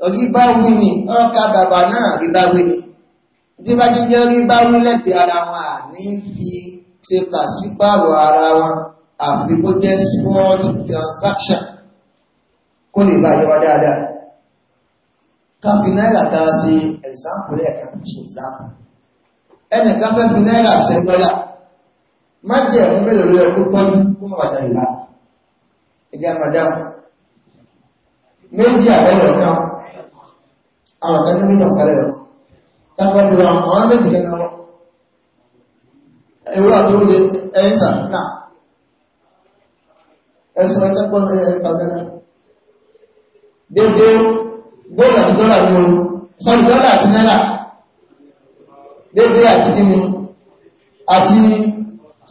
ọ̀rí bá wí ni ọkà bàbà náà rí bá wí ni bí bá ti jẹ́ rí bá wí lẹ́tẹ̀ẹ́ ara wọn à fi ṣe pàṣípààrọ̀ ara wọn àfi kó jẹ́ small transaction kó lè bá yẹ wá dáadáa ká fi náírà tara sí example ẹ̀ka ṣe example ẹnì ká fẹ́ fi náírà sẹ́ dọ́là má jẹ́ ẹ̀mú mélòó lórí ẹkú tọ́jú kó má bàtà ìlà ẹ̀jẹ̀ madam méjì àbẹ́lẹ̀ kan àwọn kan ní mílíọ̀n kalẹ̀ rẹ̀ táwọn ọdún àwọn méjì kan náà ẹ̀rọ àti oúnjẹ ẹ̀yìn sàn náà ẹ̀sùn ẹgbẹ́ pọ̀ ẹ̀ẹ́dẹ́gbẹ̀rẹ́ dédé góòlù àti dọ́là ní oru sọ́rọ̀ dọ́là àti náírà dédé àti gíní àti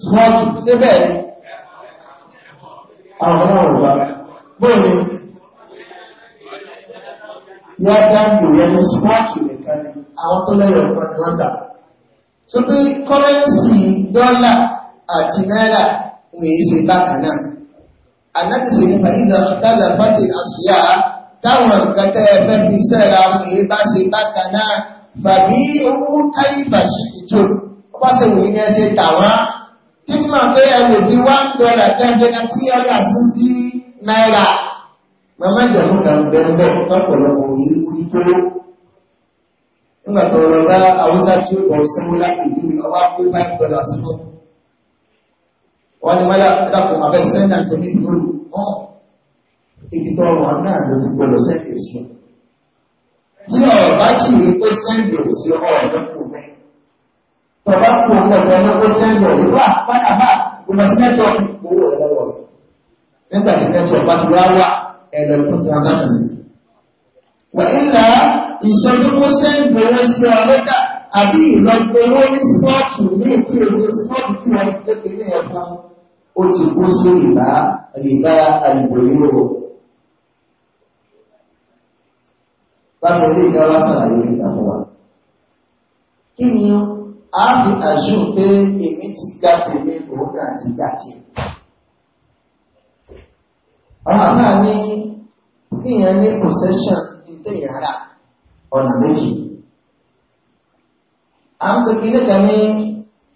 smọ́tù sí bẹ́ẹ̀ ni àwọn náà wà bóòlù yọ́ dáńdò yẹ ní smọ́tù nìkan ni àwọn tó lẹ́yọ̀ ọ̀kan ni wọ́n dà tó bí kọ́rẹ́nsì dọ́là àti náírà ń yìí ṣe bákan náà ànábì sì ní fàyídà tálà fati àṣìyà táwọn nǹkan tẹ́ ẹ fẹ́ fi sẹ́ra àwọn èyí bá ṣe bákan náà fàbí owó káyí fàṣì ìjò ó bá ṣe wòye ní ẹsẹ̀ tàwọn títí máa pé ẹ lò sí one dollar ten dollar three hundred sixty naira màmá ìjọba kan bẹ́ẹ̀ bẹ́ẹ̀ lọ́pọ̀lọpọ̀ yìí wúlí tó nígbà tó lọ bá haúsá tí ó bọ̀ sẹ́wọ́n lápèjì ọwọ́ àpò five dollars fún wọ́n ní wáyà dákun abẹ́ sẹ́ńdà tó ní ìlú ọ̀ ibi tó wà náà ló ti gbọdọ̀ sẹ́ńdà sí ọ. tí ọ̀bá tí ì pé sẹ́ńdà sí ọ ọ̀dọ́ kò bẹ́ẹ̀. tọ́ba kò mọ̀ ọ̀dọ́ ló pé sẹ́ńdà rí wà padà bá ìmọ̀sí nẹ́tíwọ̀kì owó ẹ̀ lọ́wọ́ rẹ̀. nígbà tí nẹ́tíwọ̀kì bá ti wá wà ẹ̀ fún transaction wà ó ti kú sí ìbá ìbá àìbòyìnbó bákan ilé ìgbà wá sàlàyé nígbà fún wa kí ni a fi àṣù pé èmi ti ga tèmi òun náà ti ga tèmi ọ̀nà náà ní kíyàn ní possession ìdè yàrá ọ̀nà méjì a ń pè kí nígbà ní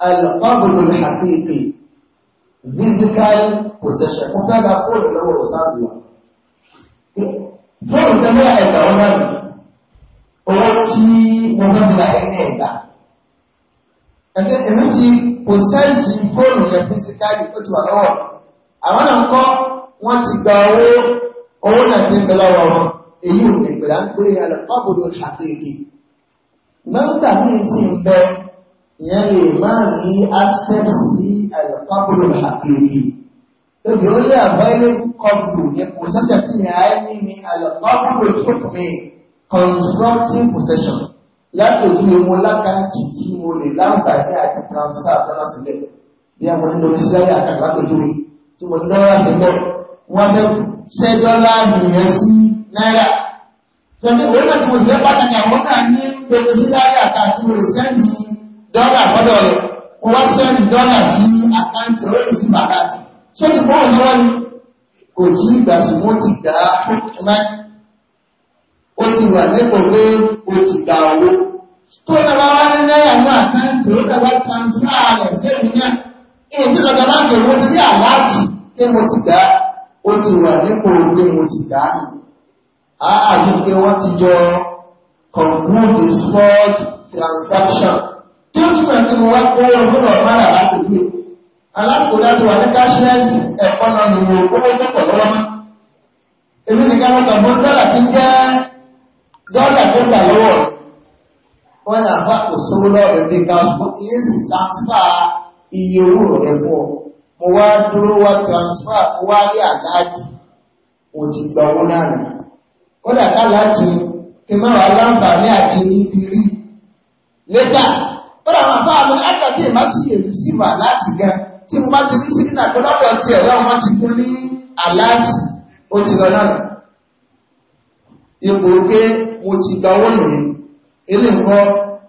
alùpàbùlù àkíkì physical possession mo fẹ́ gba fóònù lọ́wọ́ ọ̀sáàbì wa fóònù tẹ́lẹ̀ ẹ̀dá ọ̀nà mi owó tí mo fẹ́ gba ẹ̀dá ẹ̀dá èmi ti possession fóònù yẹn physically ó ti wà lọ́wọ́ àwọn náà kọ́ wọ́n ti gba owó owó náà ti ń bẹ lọ́wọ́ wọn èyí ò lè gbèrà ń pè é alọ́kọ́bùrù ṣàkéèké mẹ́ta ní ìsìn bẹ ìyẹn lè má rí access sí àlùkọ́bùrù àkèrè tóbi ó lé àbáyé kọ́bùrù ní possession tí yẹn á ní ní àlùkọ́bùrù tóbi constructive possession látòjú emu lákàntì tí mo lè láǹfààní àti transfer àtọ́nà sílẹ̀ bí a mọ̀ nítorí sílẹ̀ àtàkùn látòjú rẹ̀ tí mo ní dọ́là sílẹ̀ wọ́n fẹ́ ṣẹ́ dọ́là nìyẹn sí náírà sọ̀rọ̀ ìwé náà tí mo sì fẹ́ pàtàkì àwọn náà ní gbogbo sílẹ̀ àtàkùn rẹ̀ sẹ́ni dọ́là sọ́dọ̀ rẹ̀ kò wá sẹ́ni dọ́là sí àkáǹtì lórí sí bàkàtì tí ó ti bọ́ ọ̀nà ni kò tí ì gbà sí mo ti gbà á mẹ́ ó ti wà nípò pé ó ti gbà owó tó dábà wá ní náírà ní àkáǹtì ó dábà tàǹtìrà rẹ̀ fẹ́mi náà èyí tí lọ́dọ̀ máa ń mo ti rí àláàtì pé mo ti gbà á ó ti wà nípò pé mo ti gbà á àá àti pé wọ́n ti jọ conclude the transaction ó túnmọ̀ tí mo wá kó ọgbọ́nà mara láti gbé alákòódá tó wà ní káṣíẹ́sì ẹ̀kọ́ náà ní owó owó púpọ̀ lọ́wọ́ má èmi ní ká mọ́ta mọ́ dọ́là tí ń jẹ́ dọ́là tó gbà lọ́wọ́ rẹ̀ wọ́n ní àbá kò sówó lọ́rẹ̀ bí ká ṣùgbọ́n kì í sì transfer iye owó rẹ̀ fún ọ mo wá dúró wá transfer mo wá rí àláàjì mo ti gba owó náà rẹ̀ kódà ká láti kí n má wà láǹfààní àti ibi rí lẹ́tà kódà àwọn àbá mi lágbà tí èèmá ti yèrè sí ìwà láti gan tí mo bá ti rí sí nínú àgbẹ̀ lọ́dọ̀ tí ẹ̀rọ wọn ti gbé ní aláàtì ó ti lọ náà ipò pé mo ti gba owó nìyẹn ilé nǹkan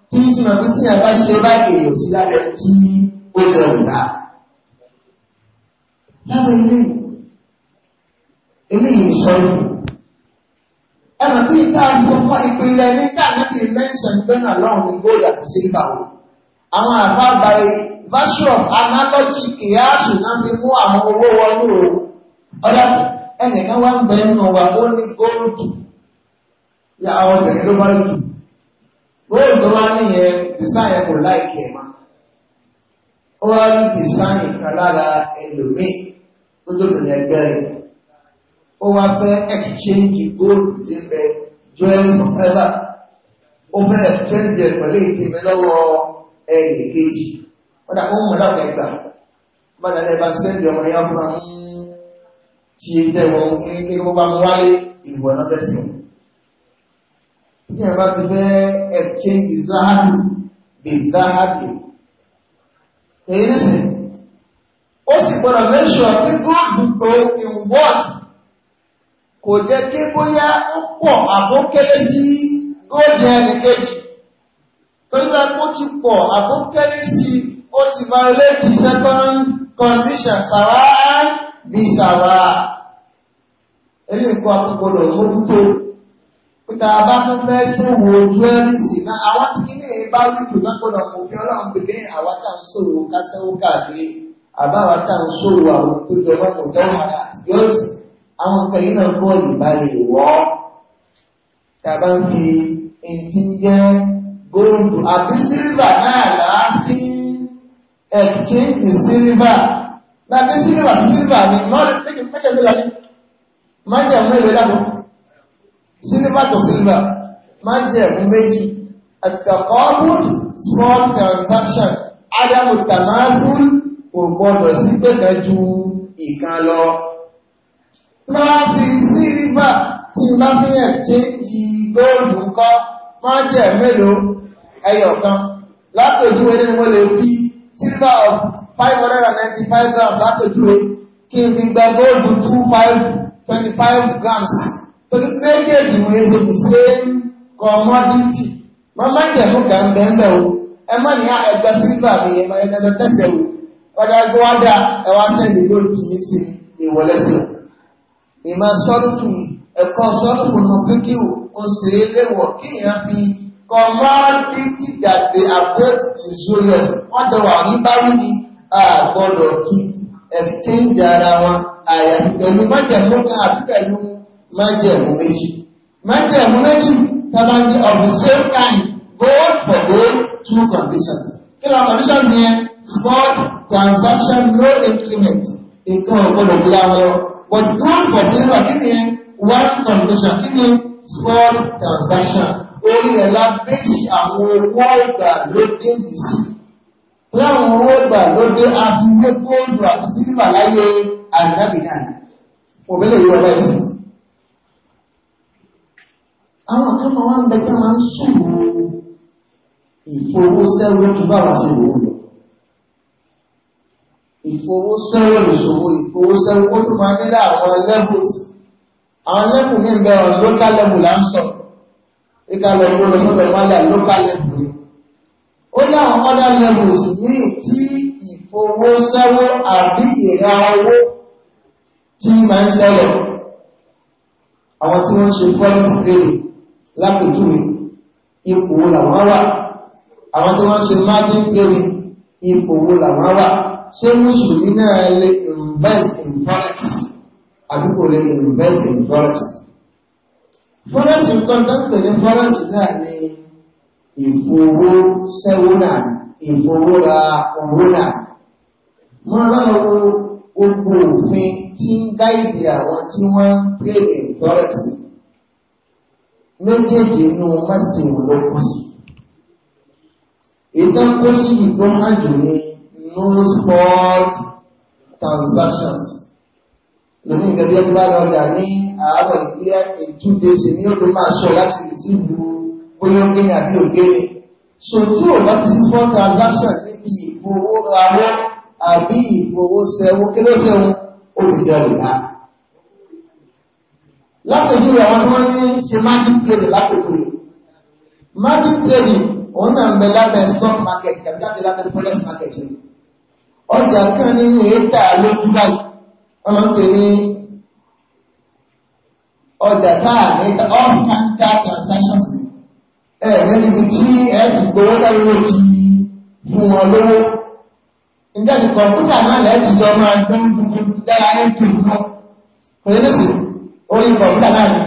tí ń túnmọ̀ pé tí yàrá ṣe báyìí èèyàn sí lábẹ́ tí ó jẹ òrùlá lábẹ́ ilé ilé yìí sọ ìlú ẹnà bí ká ń sọ fún ìpínlẹ̀ ní ká níbi mẹ́ńsàn gbẹ́nà lọ́rùn ní gold àti silver àwọn àfáàgbà virtue of analogy kìyàsù náà fi mú àwọn owó wọnú o ọ̀dà ẹnìkan wá ń bẹ nínú wa ó ní góòlù ya àwọn obìnrin ló bá lù góòlù tó wá nìyẹn design kò láìkì ẹ̀ mọ́ ó wá rí design kan lára ẹlòmíì tó tóbi ní ẹgbẹ́ rẹ̀ ó wá fẹ́ exchange góòlù ti bẹ jewelry forever ó fẹ́ exchange ẹ̀ pẹ̀lú ìtìmí ẹnì kejì wọ́n dà fún mọ̀lá kẹta bàtà lẹ́ẹ̀bá sẹ́ńdì ọmọ yá fún àwọn tí e tẹ̀ wọ́n kí wọ́n bá mú wálé ìwọ̀n náà bẹ́sẹ̀ wọn. ní ẹ̀bá ti fẹ́ exchange záhàdù bí záhàdù èyí nísìn ó sì gbọ́dọ̀ mẹ́ṣọ̀ pé góòlù tó in what kò jẹ́ kí bóyá ó pọ̀ àbókẹ́lẹ́ sí góòlù ẹnì kejì torípé kó ti pọ̀ àkókẹ́lé sí ó ti violate second condition sàrá bí sàrá ilé ìkọ́ àkókòlò mójútó pítà bá tó fẹ́ ṣòwò ojú ẹ́rìsì náà àwọn tí kí ní bá wípò lápọ̀lọ̀ òfin ọlọ́run pèpè ní àwa tá ń ṣòwò kásẹ́wó káàdé àbáwa tá ń ṣòwò àwọn tó jọmọ́ kò dánwà yóò sì àwọn kẹyìn náà bọ́ọ̀lù balẹ̀ wọ́ tá a bá ń fi èyí jẹ́ góòlù àbí sílíbà náà làá fi ẹ̀kíńkì sílíbà láti sílíbà sílíbà ni mọ́rin mẹ́kẹ̀ẹ́lá ní májẹ̀mú ìwé lábọ̀ sílíbà tó sílíbà májẹ̀mú méjì àtàkọ́ọ̀bùd sport transaction adamu tamazul kò gbọdọ̀ sí pẹ̀tẹ̀ ju ìkan lọ máa fi sílíbà tí máa fi ẹ̀kíńkì góòlù kọ́ májẹ̀mú mélòó ẹyọ kan lápèjúwe ní mo lè fi silver of 595 hundred and ninety five grams lápèjúwe kí n fi gba góòlù two five twenty five grams torí méjèèjì mo yẹ ṣe the same commodity wọ́n máa ń jẹ̀ fún gàǹgàǹgà o ẹ má ní ẹgbẹ́ silver mi ẹ má ẹgbẹ́ tẹ̀sẹ̀ o ọjà ẹgbẹ́ wá dà ẹ wá sẹ́yìn góòlù tì mí sí ìwọlẹ́sẹ̀ o ìmọ̀ sọ́dún fún ẹ̀kọ́ sọ́dún fún ọ̀fíkì ó ṣe é léwọ̀ kí èèyàn fi commodity that they affect usurious wọ́n jọ wà ní báwí ni a gbọ́dọ̀ fi exchange ara wọn àyàfi pẹ̀lú májẹ̀mú kan àti pẹ̀lú májẹ̀mú méjì májẹ̀mú méjì tàbí of the same kind gold for gold two conditions kí ló conditions yẹn spot transaction no increment nǹkan ọ̀gbọ́dọ̀ bí i àwọn but gold for silver kí ni one condition kí ni spot transaction orí ẹ̀ la bẹ́sì àwọn owó ọ̀gbà lóde yìí sí. Láwọn owó ọ̀gbà lóde abúlé góòlù àti sílífà láyé àdìdábì náà. Òbílẹ̀ yìí ọ̀rẹ́ sí. Àwọn kan máa ń bẹ̀rẹ̀ máa ń sùn ìfowósẹ́wó tó bá wà sí òwò lọ. Ìfowósẹ́wó ìṣòwò ìfowósẹ́wó tó máa nílẹ̀ àwọn levels. Àwọn level ní ìbẹ̀rẹ̀ local level là ń sọ̀rọ̀ ìkàlọ̀ ìgbòrò sọ́dọ̀ wálà local level ó láwọn other levels ní tí ìfowósẹ́wó àbí ìra owó tí máa ń ṣẹlẹ̀ àwọn tí wọ́n ṣe quality trading lápèjúwe ipò wo làwọn wà àwọn tí wọ́n ṣe margin trading ipò wo làwọn wà ṣé mùsùlùmí náà lè invest in forex àbí kò lè invest in forex fọ́rẹ́sì nǹkan tó ń pè ní fọ́rẹ́sì náà ni ìfowó sẹ́wó náà ìfowó ra owó náà wọ́n láwọn ogun òfin tí ń gáìdì àwọn tí wọ́n ń pè ní fọ́rẹ́sì méjèèjì inú mẹ́sìn ló kù sí ìtàn kó ní no sport transactions lórí nǹkan bí ẹni bá lọ ọjà ní àárọ̀ ìpínlẹ̀ ìtúndé sí ní ọdún máa sọ láti rí sí ìlú bóyá ó gbéni àbí ògbéni. so tí ò bá ti sí small transaction níbi ìfowó rawọ́ àbí ìfowó sẹ́wó kélóṣèwó ó lè jẹ́ rìlá. lápèjú àwọn tí wọ́n ní ṣe magic trading lápèjú rẹ̀ magic trading òun náà ń lábẹ́ stock market tàbí lábẹ́ lábẹ́ forex market ọjà kan nínú ètà lójú báyìí wọ́n máa ń pè ní ọjà táà ní all counter transactions ni ẹ ẹ̀ níbi tí ẹ ti gbowó sáré ló ti fún wọn lówó nígbà tí kọ̀ǹpútà náà lẹ́ẹ̀tì jọ máa gbọ́n gbogbo dára ẹ̀ fi mọ́ kò yẹ lóṣù orí kọ̀ǹpútà náà ni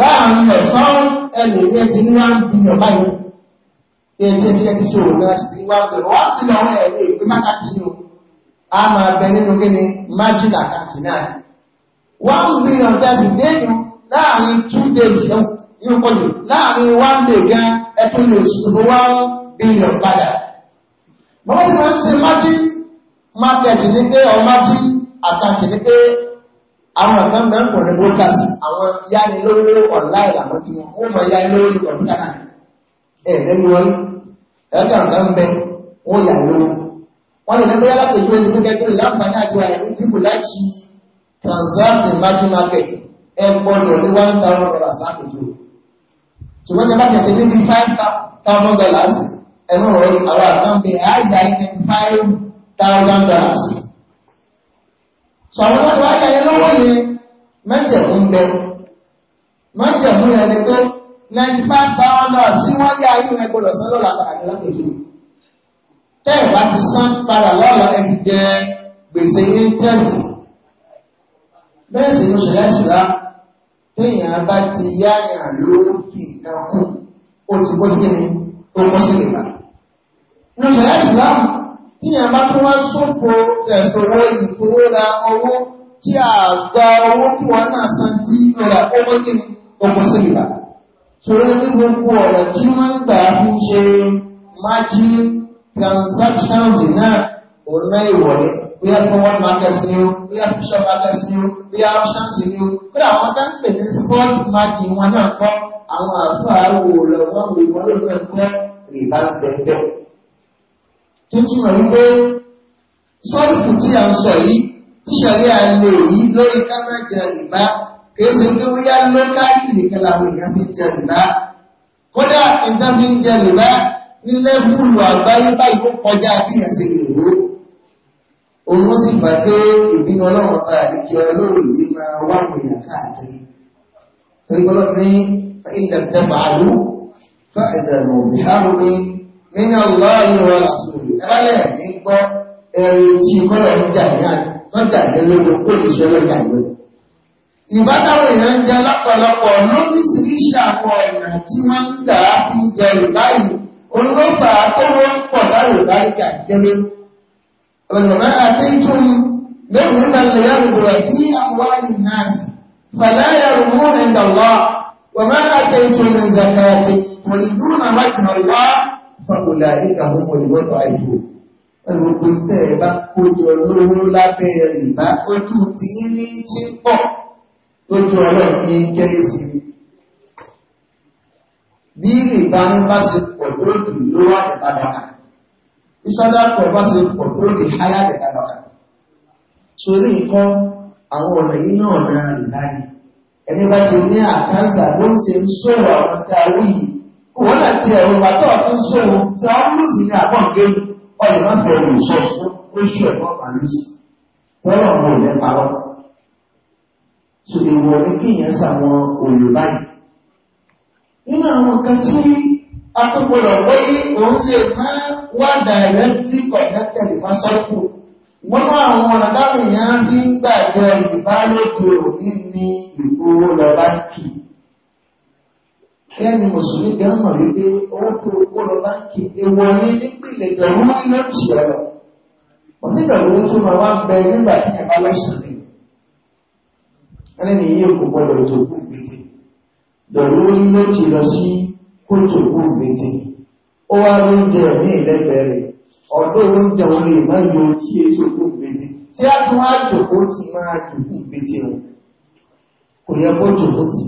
láàrin ọ̀sán ẹlò ní ẹtì ní wọ́n bí ní ọba yìí ẹtì ẹtì ẹtì ṣòro náà sì ní wọ́n bẹ̀rẹ̀ wọ́n ti lọ ẹ̀rẹ́ ìpín mákàtí yìí o a máa bẹ nínú gíní magic àkáǹtì náà one billion tẹ́sì déyìn láàrin two days yóò kọlù láàrin one day gan ẹtún lè ṣubú one billion padà bọ́bá wọ́n ṣe market ní pé ọ ní pé àwọn ọ̀gá ní brokers àwọn yáni lórí online àwọn tí wọ́n mọ̀ yáni lórí náà wọ́n yà lórí wọ́n lè lẹ́gbẹ́ yálà pẹ̀lú ẹni pé kẹ́kẹ́ láǹfààní àti wàyà ní bíbù láti transact in margin market ẹ gbọ́dọ̀ ní one thousand dollars láti dúró ṣùgbọ́n jẹ́ bá tẹ̀sẹ̀ níbi five thousand dollars ẹnu rẹ̀ àwọn àtàǹbẹ̀ àyà ẹni five thousand dollars. sọ àwọn ọmọdé wa yà yẹn lọ́wọ́ yẹn mẹ́jẹ̀mú ń bẹ mẹ́jẹ̀mú yẹn ni pé ninety five thousand dollars tí wọ́n yà ayé wọn gbọ́dọ̀ sán lọ́la àtàkàdé láti dúró tẹ́ẹ̀bá ti san padà lọ́lọ́ ẹni jẹ gbèsè íńtẹ́ẹ̀tì bẹ́ẹ̀ sì ló ṣẹlẹ̀ síra téèyàn bá ti yáyàn lórí fi nǹkan kú ó ti kó sí kíni ó kó sí kíkà ló ṣẹlẹ̀ síra téèyàn bá tún wá sófo ẹ̀sùn owó ìfowóra owó tí a gba owó kí wọn náà san tí lọ́la ó kó kíni ó kó sí kíkà sọ̀rọ̀ ní gbogbo ọ̀rọ̀ tí wọ́n gbà fi ṣe májín transactions náà òun náà ìwọ̀lẹ́ bóyá forward market ni o bóyá future market ni o bóyá options ni o kódà àwọn tá ń pè ní sport market wọn náà kọ́ àwọn àfáà wò lọ wọn wò wọn ló fẹ́ pẹ́ rìbá ń bẹ̀ bẹ́ẹ̀. tó túmọ̀ wípé sọ́ọ̀fù tí a ń sọ yìí tíṣẹ̀lẹ̀ àlè yìí lórí kánájà rìbá kìí ṣe pé wíyá lókàlì nìkan làwọn èèyàn fi jẹ rìbá kódà ìtàn fi ń jẹ rìbá lẹ́bùrù àgbáyé báyìí ó kọjá bí ẹ̀sẹ̀ ìró òun sì fà pé ìbínú ọlọ́run bá àdìkí ọlọ́run yìí máa wà wòyàn káàkiri ẹgbọ́lọ́ ní ilẹ̀ tẹ́fàálù fẹ́ẹ̀dẹ̀rù ìhárù ní nínú ọlọ́run wọn lásìkò ẹbálẹ̀ ní gbọ́ ẹ̀rù tí kọ́lọ̀ ń jà ní àjọjà lẹ́lẹ́gbọ́ kó lè ṣe ọlọ́jà lọ́wọ́ ìbátáwọn èèyàn jẹ lóríṣiríṣi àwọn ọ̀nà tí wọ́n ń dà á fi jẹ ìbáyìí olùgbọ́fà àkọ́wọ́ pọ̀ láyò báríkà gẹ́gẹ́ ọ̀nà àti ìtún bẹ́ẹ̀ nígbà lè yàrùbọ̀ sí àwárí náà fàlàyà rùmú ẹ̀dàwọ́ wàmá àti ìtún ní zakati tòlìdú náà láti mọ̀lá fàkùlà ìkà mú olùgbọ́fà ìlú ẹgbogbo tẹ́ ẹ bá kójọ bí ìbáni bá ṣe pọ̀ tó jù lówà ìbádọ́ka ìsọdá pọ̀ bá ṣe pọ̀ tó lè háyà ìbádọ́ka torí nǹkan àwọn ọ̀nà yìí náà náà lè báyìí ẹni bá ti ní àkáǹtà ló ń ṣe ń sọ̀rọ̀ àwọn tá a wí yìí òun náà ti ẹ̀rọ ìgbà tó ọ̀tún sọ̀rọ̀ tí wọ́n mú sí ní àbọ̀ gẹ́gẹ́ ọ̀lẹ́ má fẹ́ ẹ̀rọ ìṣọ́ ó ṣù ẹ̀kọ́ pàlùsì tọ́lọ̀ mọ̀ lẹ́pàá lọ. sọ èèwọ̀ ni kéèyàn sàwọn òyìnbá yìí nínú àwọn nǹkan tí akọ́gbọ̀rọ̀ wáyé òun lè máa wà directly connected wá sọ́fù wọ́n mọ́ àwọn ọ̀nà táwọn èèyàn fi ń gbà jẹ ìbálòpọ̀ òní ní ìgbowó lọ báńkì kẹ́ni mùsùlùmí gan mọ̀ wípé owó tó owó nípìnlẹ̀ iná tì wọ́n sì owó tó máa wá nígbà tí ẹ̀ bá ẹni nìyí gbọdọ̀ tó kú dọ̀rọ̀rí méjì lọ sí kótò ògbètè ó wá lóúnjẹ ní ìlẹ́gbẹ̀ẹ́rẹ̀ ọ̀dọ́ oúnjẹ wọn lè má yọ tí èso ògbètè tí a tún wá jòkó ti máa jòkó ògbètè wọn kò yẹ kó jòkó ti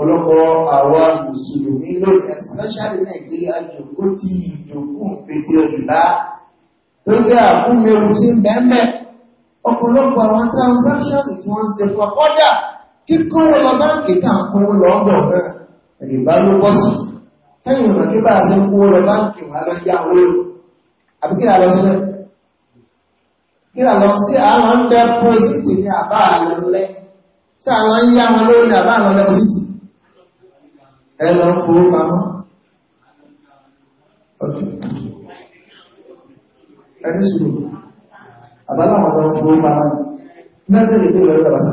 ọ̀pọ̀lọpọ̀ àwa mùsùlùmí lórí especially nàìjíríà jòkó ti ìjòkó ògbètè rìbá tó gbé àkúnmẹ́rù tí ń bẹ́ẹ̀ ọ̀pọ̀lọpọ̀ àwọn transactions tí wọ́n ń ṣe pọ̀ kọ́dà kíkọ́wọ́ lọ báńkì káàkúrú lọ́gbọ̀ náà ẹ̀rìbá ló bọ́ sí tẹ́yìn ọ̀nà kí bá a ṣe ń kúrò lọ báńkì wà lọ yá owó àbí kí lọ sílẹ̀ kí lọ sí àwọn ń bẹ́ pósìtì ní àbá àlọ́lẹ́ tí àwọn ń yá wọn lórí àbá àlọ́lẹ́ pósìtì ẹ lọ ń fowó pamọ́ ẹni sùúrù àbá náà wọn lọ ń fowó pamọ́ mẹ́tẹ̀lẹ́ pé lọ́jọ́ bàtà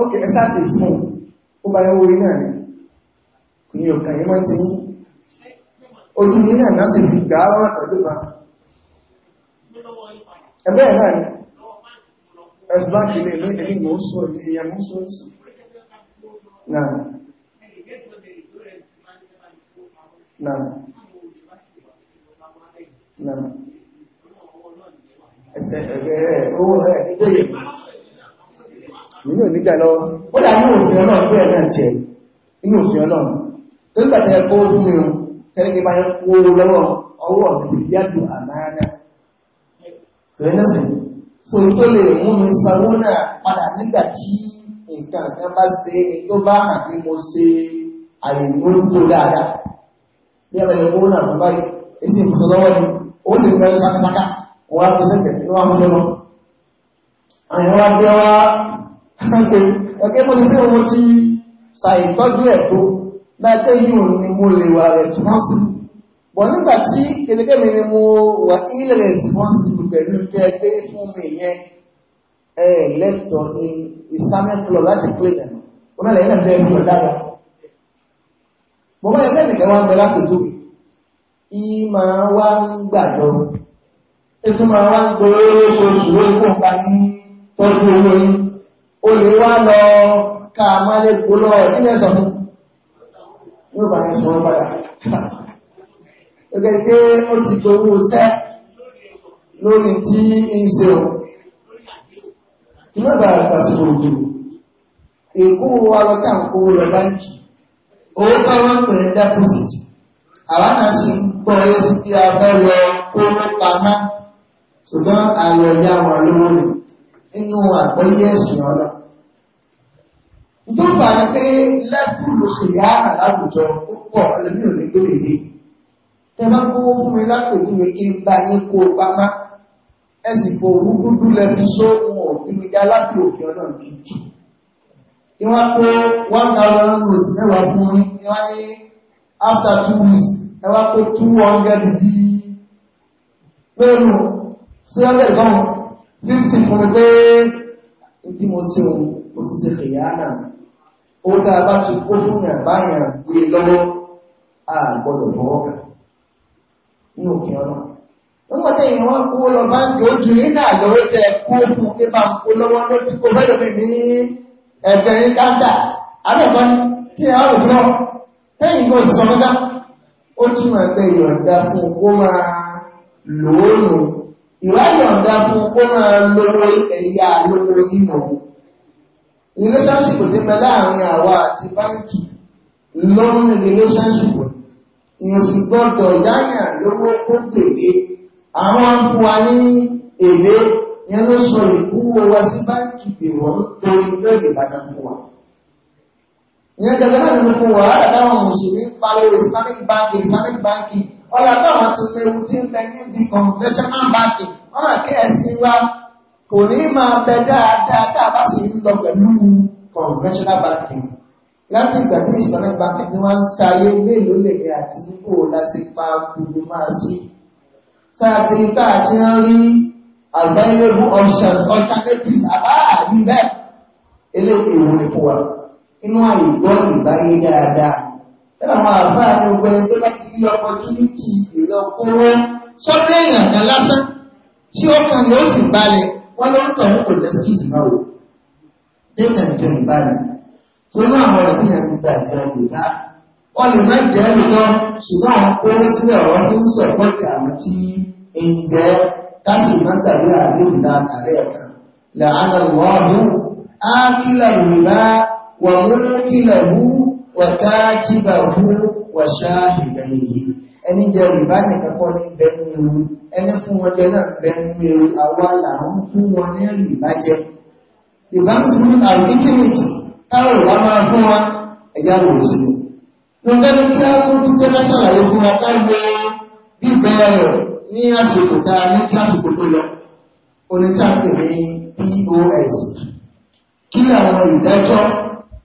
ókè ẹsà ti fún ó bá yẹn orí náà ni kò ní ọ̀kan yẹn máa ń sẹ́yìn ojú ní náà náà sì fi gbà á wọ́n tọ́jú kan ẹgbẹ́ ẹ̀ náà ni ẹ̀sùn báńkì lè ní ẹ̀rí mò ń sọ ní ẹ̀yà mò ń sọ sí náà náà náà ẹ̀ẹ́ owó ẹ̀ mi ní onígbà lọ́wọ́ ó dà ní òfin ọlọ́run bẹ́ẹ̀ náà tiẹ̀ inú òfin ọlọ́run tó nígbà tẹ́ kó fún mi tẹ́lẹ̀ kí bá yẹn kó lọ́wọ́ ọwọ́ mi yàtò àmáyánà tẹ́lẹ̀ náà sì so tó lè mú mi sanwó náà padà nígbà tí nǹkan kan bá ṣe ni tó bá hàn kí mo ṣe àyèwò tó dáadáa ní ẹ̀rọ ìwọ́n náà fún báyìí èsì ìfọ̀sọ̀lọ́wọ́ ẹgbẹ́ mo ti fẹ́ wọn ti ṣàìtọ́jú ẹ̀ tó dájẹ́ yóò ní mo lè wà responsible bọ̀ nígbà tí kẹ́lẹ́kẹ́ mi ni mo wà ilẹ̀ responsible pẹ̀lú kẹ́ẹ̀kẹ́ fún mi yẹn ẹ̀ lẹ́tọ̀ ní islamic club láti pè mẹ́ wọn náà lẹ́yìn bẹ́ẹ̀ fún ọ̀dá yẹn mo bá yẹn bẹ́ẹ̀ nìkan wá ń bẹ lápètò ìmọ̀ wá ń gbàdọ̀ ètò máa wá ń gbòòrò lóṣooṣù lórí fún ọ̀pá ní tọ́jú owó yìí o lè wá lọ ká má lè kó lọ kí lè sọ fún yóò bá yẹn sọ̀rọ̀ padà ó gẹ́ pé ó ti torí oṣẹ́ lórí tí ń ṣe o kí ló bá rẹ̀ pàṣípò òjò èkó wa lọ ká kó lọ báńkì owó ká wọ́n deposit àwọn náà ń gbọ́ ẹ sí a fẹ́ lọ kó ló pamọ́ ṣùgbọ́n àlọ́ ìyá wọn lówó nìyí inú àgbọ́yé ẹ̀sìn ọ̀nà. Ìjọba ni pé lẹ́kùnlù ṣìyá àláwùjọ púpọ̀ ẹlẹ́mí ò ní tó lè yé. Tẹ bá kó fún mi lápèjúwe kí n bá yín kó pamá. Ẹ sì fò owó dúdú lẹ fi só ohun ọ̀gbìn mi já lápè òfin ọ̀nà kejì. Kí wọ́n kó one thousand rose mẹ́wàá fún mi, kí wọ́n ní after two weeks ẹ wá kó two hundred bíi pẹ́ẹ́rù sí ọ̀dẹ̀ gan-an fífì fún mi pé tí mo ṣe òun ó ti ṣe kìyà náà ó dáa bá ti kó fún yàn báyàn gbé e lọ́wọ́ a gbọ́dọ̀ bọ́wọ́ kà ní òkè ọ̀nà nígbà tí èèyàn wá kó lọ báńkì ó ju iná lọ́wọ́ tẹ kó fún pé bá ń kó lọ́wọ́ lójú kó fẹ́ lómi ní ẹ̀fẹ̀ ní káńtà àbẹ̀kọ́ tí ẹ̀ ọ̀rọ̀ náà tẹ́yìn kó sọ fún ká ó túmọ̀ ẹgbẹ́ ìyọ̀ǹda fún kó máa lòó lòó ìwáyọ̀ǹda fún kó máa lówó ẹ̀yà lówó ìmọ̀. relationship ti bẹ láàrin àwa àti báńkì lọ́rùn relationship ìyẹ̀sì gbọ́dọ̀ yáyà lówó kó tèlé àwọn afúwa ní èlé yẹn ló sọ ìkúwò wa sí báńkì dèrò torí bẹ́ẹ̀ ìbàdàn fún wa. ìyẹn gẹ́gẹ́ náà ni mo wà á dáwọn mùsùlùmí parí islamic bank islamic banking ọ̀nà táwọn ti léwu tí ń bẹ níbi conventional banking ọ̀nà kẹ́ẹ̀sì wa kò ní máa bẹ dáadáa tá a sì ń lọ pẹ̀lú conventional banking láti ìgbà bí islamic banking ni wọ́n ń ṣayé mélòó lèmi àti nípò láti pa gbogbo máa sí sáàtì ká àti ń rí available options alternatives àbáàrí bẹ́ẹ̀ eléyìí ìwúrí fún wa inú àìgbọ́n ìbáyé dáadáa láwọn àbá ní ogun ẹni tó láti rí ọpọtúnítì ìlọ kóró sọ́dọ̀ èèyàn kan lásán tí ó kàn ní ó sì balẹ̀ wọ́n ló ń tọ̀ ní kò lẹ́sìkìsì náà o dé kàn jẹ́ ìbálẹ̀ tó ní àwọn ọ̀rẹ́ tí yẹn ti gbà jẹ́ ọ̀gbìn bá wọ́n lè má jẹ́ lọ ṣùgbọ́n àwọn kóró sílẹ̀ ọ̀rọ̀ tó ń sọ pọ́ọ̀tì àwọn tí ń jẹ́ káṣí má tàbí àdéhùn náà kàlẹ́ ẹ̀kan wàkátìbàhú wàṣáhìdàyìí ẹni jẹ rìbá nìkan kọ́ ní bẹnu ewu ẹni fún wọn jẹ náà bẹnu ewu àwa làwọn fún wọn ní rìbá jẹ rìbá ń fún àríkìnìtì táwọn ìwà máa fún wa ẹ̀yà rò sí i ló lẹ́nu kí á kó dúpẹ́ bá ṣàlàyé fún wa ká gbé bíbẹ́ rẹ̀ ní àsìkò tá a ní kí àsìkò tó lọ onítàpè pos kí làwọn ìdájọ́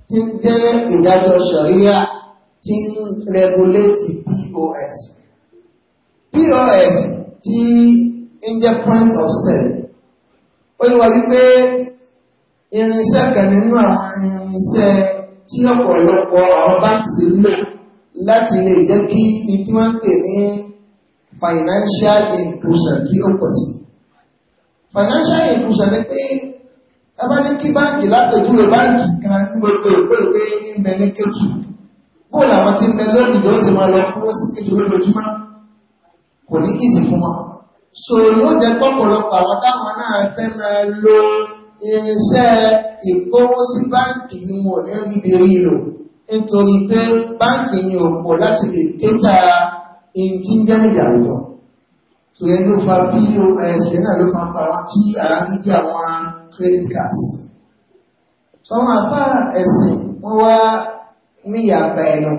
tí ń jẹ́ ìdájọ́ ṣàríyà tí ń regulate POS. POS tí ń jẹ́ point of sale. Ó yíwa wípé irinṣẹ́ kan nínú àwọn irinṣẹ́ tí ọ̀pọ̀lọpọ̀ àwọn báńkì lò láti lè jẹ́ kí ìtí wọ́n pè ní financial inclusion kí ó pọ̀ sí. Financial inclusion ni pé ẹbá ní kí báńkì látẹ̀júwe báńkì kan ní gbogbo ìpínlẹ̀ pé ní mẹ ní kéjù bó làwọn tí mẹ lónìí yóò sì máa lọ fún sí kéjù lójoojúmọ́ kò ní ìsìn fún wọn so yóò jẹ pọ̀pọ̀lọpọ̀ àwọn táwọn náà fẹ́ máa lo irinṣẹ́ ìkówó sí báńkì ni wọn ní ríbi rí lò nítorí pé báńkì yìí ò pọ̀ láti lè kéta ìdíjẹ́ so yẹn ló fa pos yẹn náà ló fa ń para tí ara ń àwọn credit cards sọmọ àbá ẹ̀sìn wọ́n wá ní ìyàgbà ẹ̀nà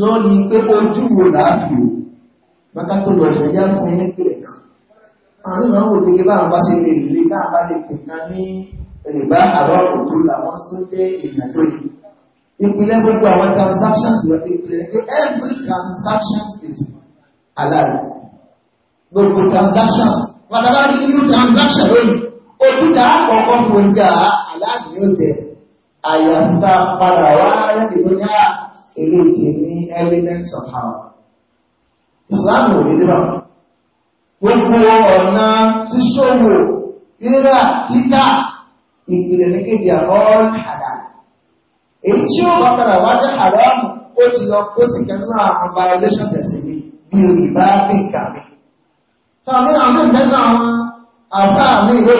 lọ́n yí pé ojú wo láàfin bàtà tó lọ ṣẹjá fún ẹni pẹ̀lẹ̀ kan àwọn ìmọ̀ òwò gbégbé bá wọn bá ṣe lè lè káà bá lè pè kan ní rìbá àwọn òjò làwọn tó jẹ́ èèyàn tó yìí ìpìlẹ̀ gbogbo àwọn transactions wọ́n ti pè every transaction is halal gbogbo transaction wàtàbá ní new transaction lónìí ojúdà àkọ́kọ́ fòjá aláàbí yóò jẹ àyàfúta padà wá láti tó ní ah, èrè ìjẹ ní evidence of how Islam ò ní débà gbogbo ọ̀nà ṣíṣòwò rírà títà ìpìlẹ̀ ní kéde àkọ́rọ́ àdá èyí tí ó bá padà wá jẹ́ àrọ́ ó ti lọ kó sì kẹ́nu àwọn violation ẹ̀sìn mi bí rìbá bí kàmí Tàbí àwọn ìdẹ́nà àwọn àbá mi ìwé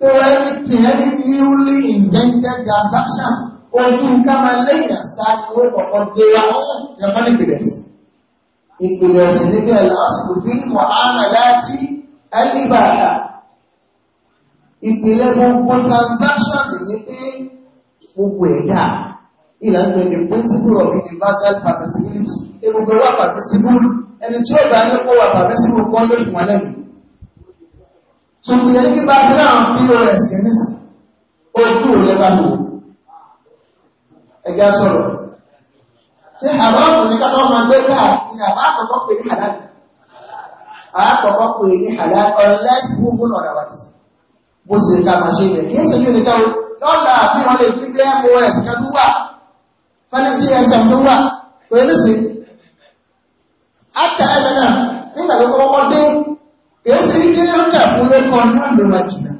tó rẹ́ni tí ẹni newly invented transaction ojú káma lẹ́yìn àṣà ni ó kọ̀kọ́ dé wa ẹ̀fọ́ ní ìpìlẹ̀sì. Ìpìlẹ̀sì ní bẹ́ẹ̀ lásìkò bí mọ̀ ánà láti ẹni bàrà. Ìpìlẹ̀ gbogbo transactions ní pé gbogbo ẹ̀dá ìlànà the principle of universal participability. Èrògbè wà participable ẹni tí ó bá ní kó wà bàbá sí gbogbo lóṣù wọn lẹ́nu ṣùgbọ́n ní bá sí àwọn pos kìíní ojú ò lẹ́bà tó ẹgbẹ́ sọ̀rọ̀ tí àbáwọ̀ ní ká tọ́mọ gbé káàkiri àbákọ̀ọ́kọ́ pè ní halal àbákọ̀ọ́kọ́ pè ní halal unless woman otherwise bó ṣe ká máa ṣe ilẹ̀ kí ṣe yóò ní káwọ́ lọ́la àti wọn lè fi dé mos kan tó wà fẹ́ni tí ẹsẹ̀ tó wà pẹ̀lú sí átà ẹ̀mẹ́nà nígbà tó kọ́kọ́ dé èyí sì rí kéré ọjà fún lẹ́kọ̀ọ́ náà ló máa jìnà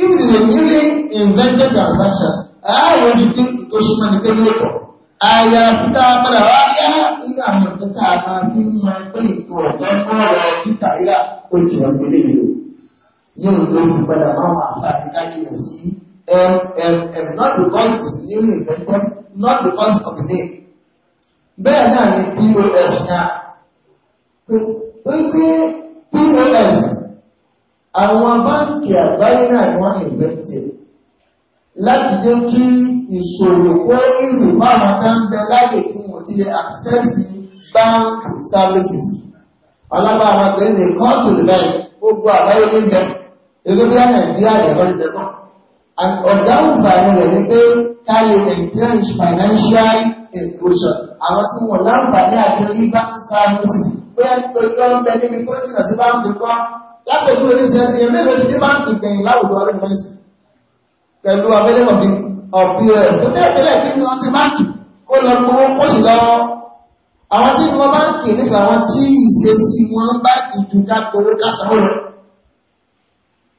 if it is a newly invented transaction àwọn ìdí tó súnmọ́ ní pé lóòtọ́ àyà fúta padà wá yá nínú àwọn ìpẹ́tà máa fi ń máa pé ètò ọ̀jọ́ ọ̀rọ̀ títà yá ó ti wà nílé yìí o yóò lórí padà máa wà láti kájìyà not because it is newly invented not because of the name bẹ́ẹ̀ náà people as now wípé pos àwọn báńkì àgbáyé náà ni wọ́n ìgbẹ́tẹ̀ láti jẹ́ kí ìṣòro kó ìrù báwọn tó ń bẹ láyè tí wọ́n ti lè access bank services alábàárà pé ní kọ́ọ̀tù rẹ̀ gbogbo àgbáyé ní bẹ̀ gẹ́gẹ́ bí nàìjíríà rẹ̀ lọ́rí bẹ̀ náà ọ̀gá òǹfààní rẹ̀ ni pé ká lè encourage financial inclusion àwọn tí wọ́n láǹfààní àti rí bank services bóyá nítorí tó ń bẹ níbi tó jìnà sí báńkì kọ́ lápẹ̀lú oníṣẹ́ èèyàn mélòó ti dé báńkì gbẹ̀yìn láwùjọ ọdún mẹ́sì pẹ̀lú abẹ́lẹ́mọ̀ bí ọ̀pìrẹ̀ tó tẹ́lẹ̀ tẹ́lẹ̀ kí ni wọ́n ṣe báńkì kó lọ gbowó kó sì lọ àwọn tí wọ́n báńkì nípa àwọn tí ìṣesí wọn bá ìdúgá gbowó kásánwó rẹ̀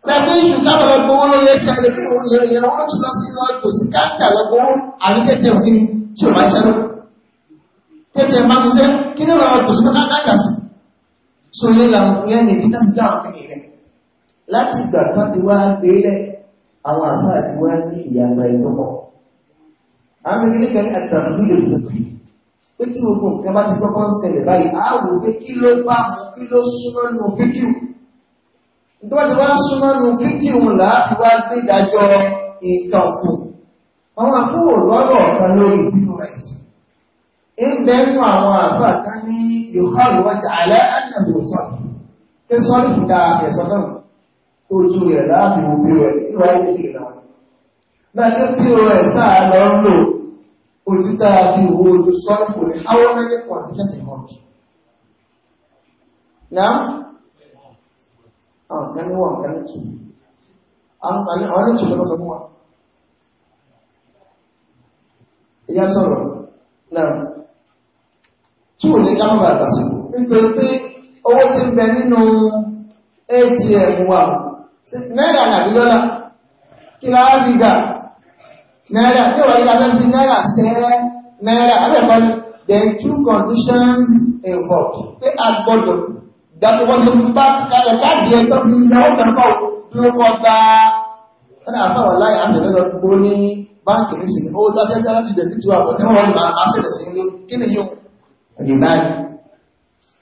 Lẹ́gbẹ́ ìlú káwọn ọgbọ́wọ́ ló yẹ kí ẹlẹ́gbẹ́ ìrìnàwó tó lọ sí lọ́jọ́ sí káńtà lọ́gbọ́wọ́ àríkẹ́tẹ̀ òkìní tí ó máa ṣẹ́lẹ̀ tẹ́tẹ́ máa ti sẹ́ kí ní ọ̀rọ̀ kò súnmọ́ dáadáa sí so yẹ làwọn yẹn ní ìdí náà dáhùn ní ilẹ̀ láti ìgbà kan ti wá gbélẹ̀ àwọn àfáà ti wá ní ìyàgbà ìtọ́pọ̀ àwọn ìdílé kan ní àtàkùn ìlú ìtọ́pọ̀ pé tí gbogbo nǹkan bá ti kọ́kọ́ ń ṣẹlẹ̀ báyìí á wò pé kí ló bá mu kí ló súnmọ́ nù fídíò nítorí wọ́n ti wá ìbẹ̀rún àwọn àfáà ká ní yòhálù wájá alẹ́ ẹ̀nàbì òsàn pé sọ́lù fún dáa fi ẹ̀sọ́ náà ojú rẹ̀ láàbì òbí rẹ̀ tí wà ní ìlú náà náà ní pos táà lọ ń lò ojú táà fi wo ojú sọ́lù fún ní àwọn mẹ́jẹ̀ kan ní tẹ́sí kan jù náà àwọn kan ní wọn kan ní tù àwọn ní tù lọ́wọ́ sọ fún wa ìyá sọ̀rọ̀ náà tí ò ní ká mọ̀ bàtà sí nítorí pé owó ti ń bẹ nínú atm wa náírà nàbí dọ́là kí la á fi gà náírà tí òwò ìgbà náà fi náírà sẹ́ náírà abẹ́kọ́ ni there are two conditions involved pé a gbọ́dọ̀ dàtí wọ́n ṣe fún bá kalẹ̀ káàdì ẹjọ́ bí ìyàwó kẹfọ́ bí ó kọ́ ta ẹ̀rọ àfáwọ̀ láì àtẹ̀lẹ́ lọ gbogbo ní báńkì nísìnyí ó dájẹ́jẹ́ láti dẹ̀ bí tiwa bọ̀ tí wọ́n máa ṣẹlẹ̀ sí ilé kí ni yóò rìbáyì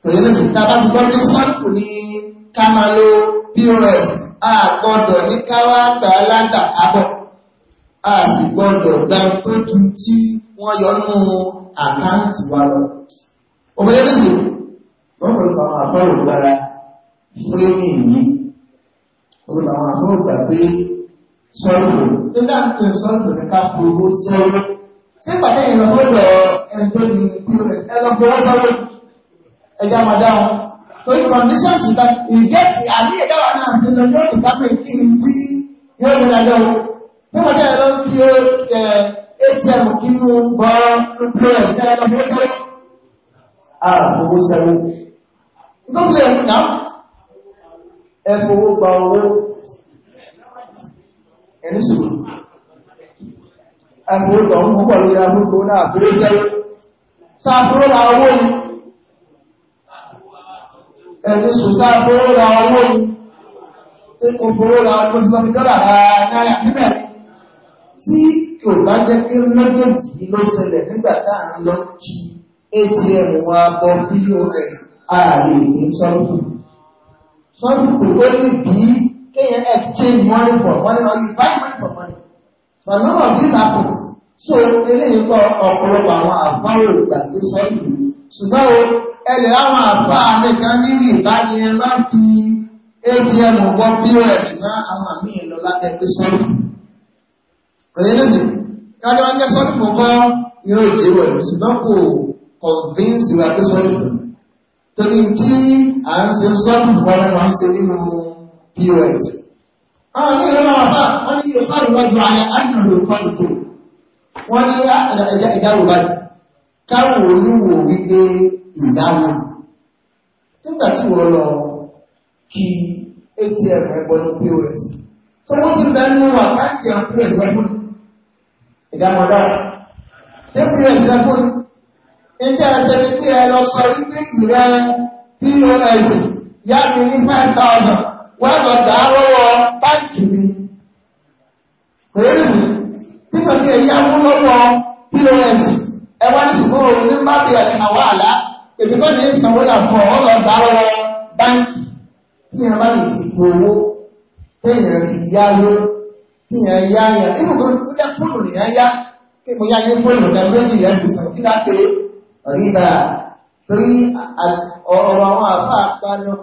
òye ní sùn tábà ti gbọ́ ní sọ́ọ̀fù ní ká máa lo pos àgbọ̀dọ̀ ní káwá tà láńtà àbọ̀ a sì gbọ́dọ̀ gba tó ju tí wọ́n yọ nú àkáǹtì wa lọ. òmìnira ní sùn lọ́pọ̀lọpọ̀ àwọn àfọ́rò gbára fúrémì yìí òmìnira àwọn àfọ́rò gbà pé sọ́ọ̀fù nígbà tó sọ́ọ̀fù ní ká polówó sí ọ̀rọ̀ ṣé pàtẹ́yìn lọ sọ́dọ̀ ọ́ ẹni tó ní ikú rẹ̀ ẹlọ fọwọ́ sọ́rọ̀ ẹja máa dá wọn torí conditions ta ìgẹ́tì àbí ẹ̀dá wà náà nínú yóò ní kápẹ́ kí ni tí yóò ní dájọ́ wọn tí wọ́n dẹ̀ lọ fi atm kí ó gbọ́ lórí ẹ̀sẹ̀ ẹlọ fọwọ́ sọ́rọ̀ àà fọwọ́ sọ́rọ̀ nítorí ẹ̀mí náà ẹ fowó gba owó ẹni sùn ẹ fowó gba owó púpọ̀ lórí agbógbó náà fọwọ́ sáàbúrò ra owó ni ẹ̀mí sùn sáàbúrò ra owó ni ṣé mo fowó ra owó sí lọ́fi dọ́là ra náírà níbẹ̀ tí kò bá jẹ́ pé méjèèjì ló ṣẹlẹ̀ nígbà tá à ń lọ kí atm wa bọ pos ààrẹ ní sọ́ọ̀fù sọ́ọ̀fù tó lè bí kéèyàn exchange money for money or you buy money for money but none of this happens. so eléyìí kọ ọ̀pọ̀lọpọ̀ àwọn àbáwò gbàgbé sẹ́yìn ṣùgbọ́n o ẹlẹ̀ àwọn àbá nìkan nínú ìbáni ẹ atm gbọ́ pos ná àwọn àmì ìlọ lábẹ́gbé sẹ́yìn òye lóṣù kájọ wọn jẹ́ sọ́ọ̀tì fọ́kọ́ ni ó ṣùgbọ́n kò convince ìwà torí tí à ń ṣe ń ṣe nínú pos. àwọn ìlú náà wà ní àdùnnú kọ́ wọ́n ní ìdáwò ah, báyìí káwọn oníwò wípé ìyáwó nígbà tí wọ́n lọ kí atm ẹgbọ́n ní pos so wọ́n ti bẹ́ẹ̀ nínú àkáǹtì àpò ìsẹ́gbọ́n ìdámọ̀dá ṣé pos ìsẹ́gbọ́n ẹjẹ́ ẹsẹ̀ ní pé ẹ lọ sọ wípé ìrẹ́ pos yá mi ní five thousand wọ́n lọ gbà á lọ́wọ́ báńkì mi pẹ̀lú kíkan ní ẹ̀yà mú lọ́wọ́ pos ẹwà ní ṣùgbọ́n òun ní bábí àti àwọn àlá èmi kọ́ ní ìsanwó náà fún ọ lọ bá lọ́wọ́ báńkì tí yẹn bá lè ti gbowó téèyàn fi yáwó téèyàn yá yẹn nínú tó ń jẹ́ fóònù nìyẹn yá kí mo yá yé fóònù náà méjì yẹn ti sàn kí náà ní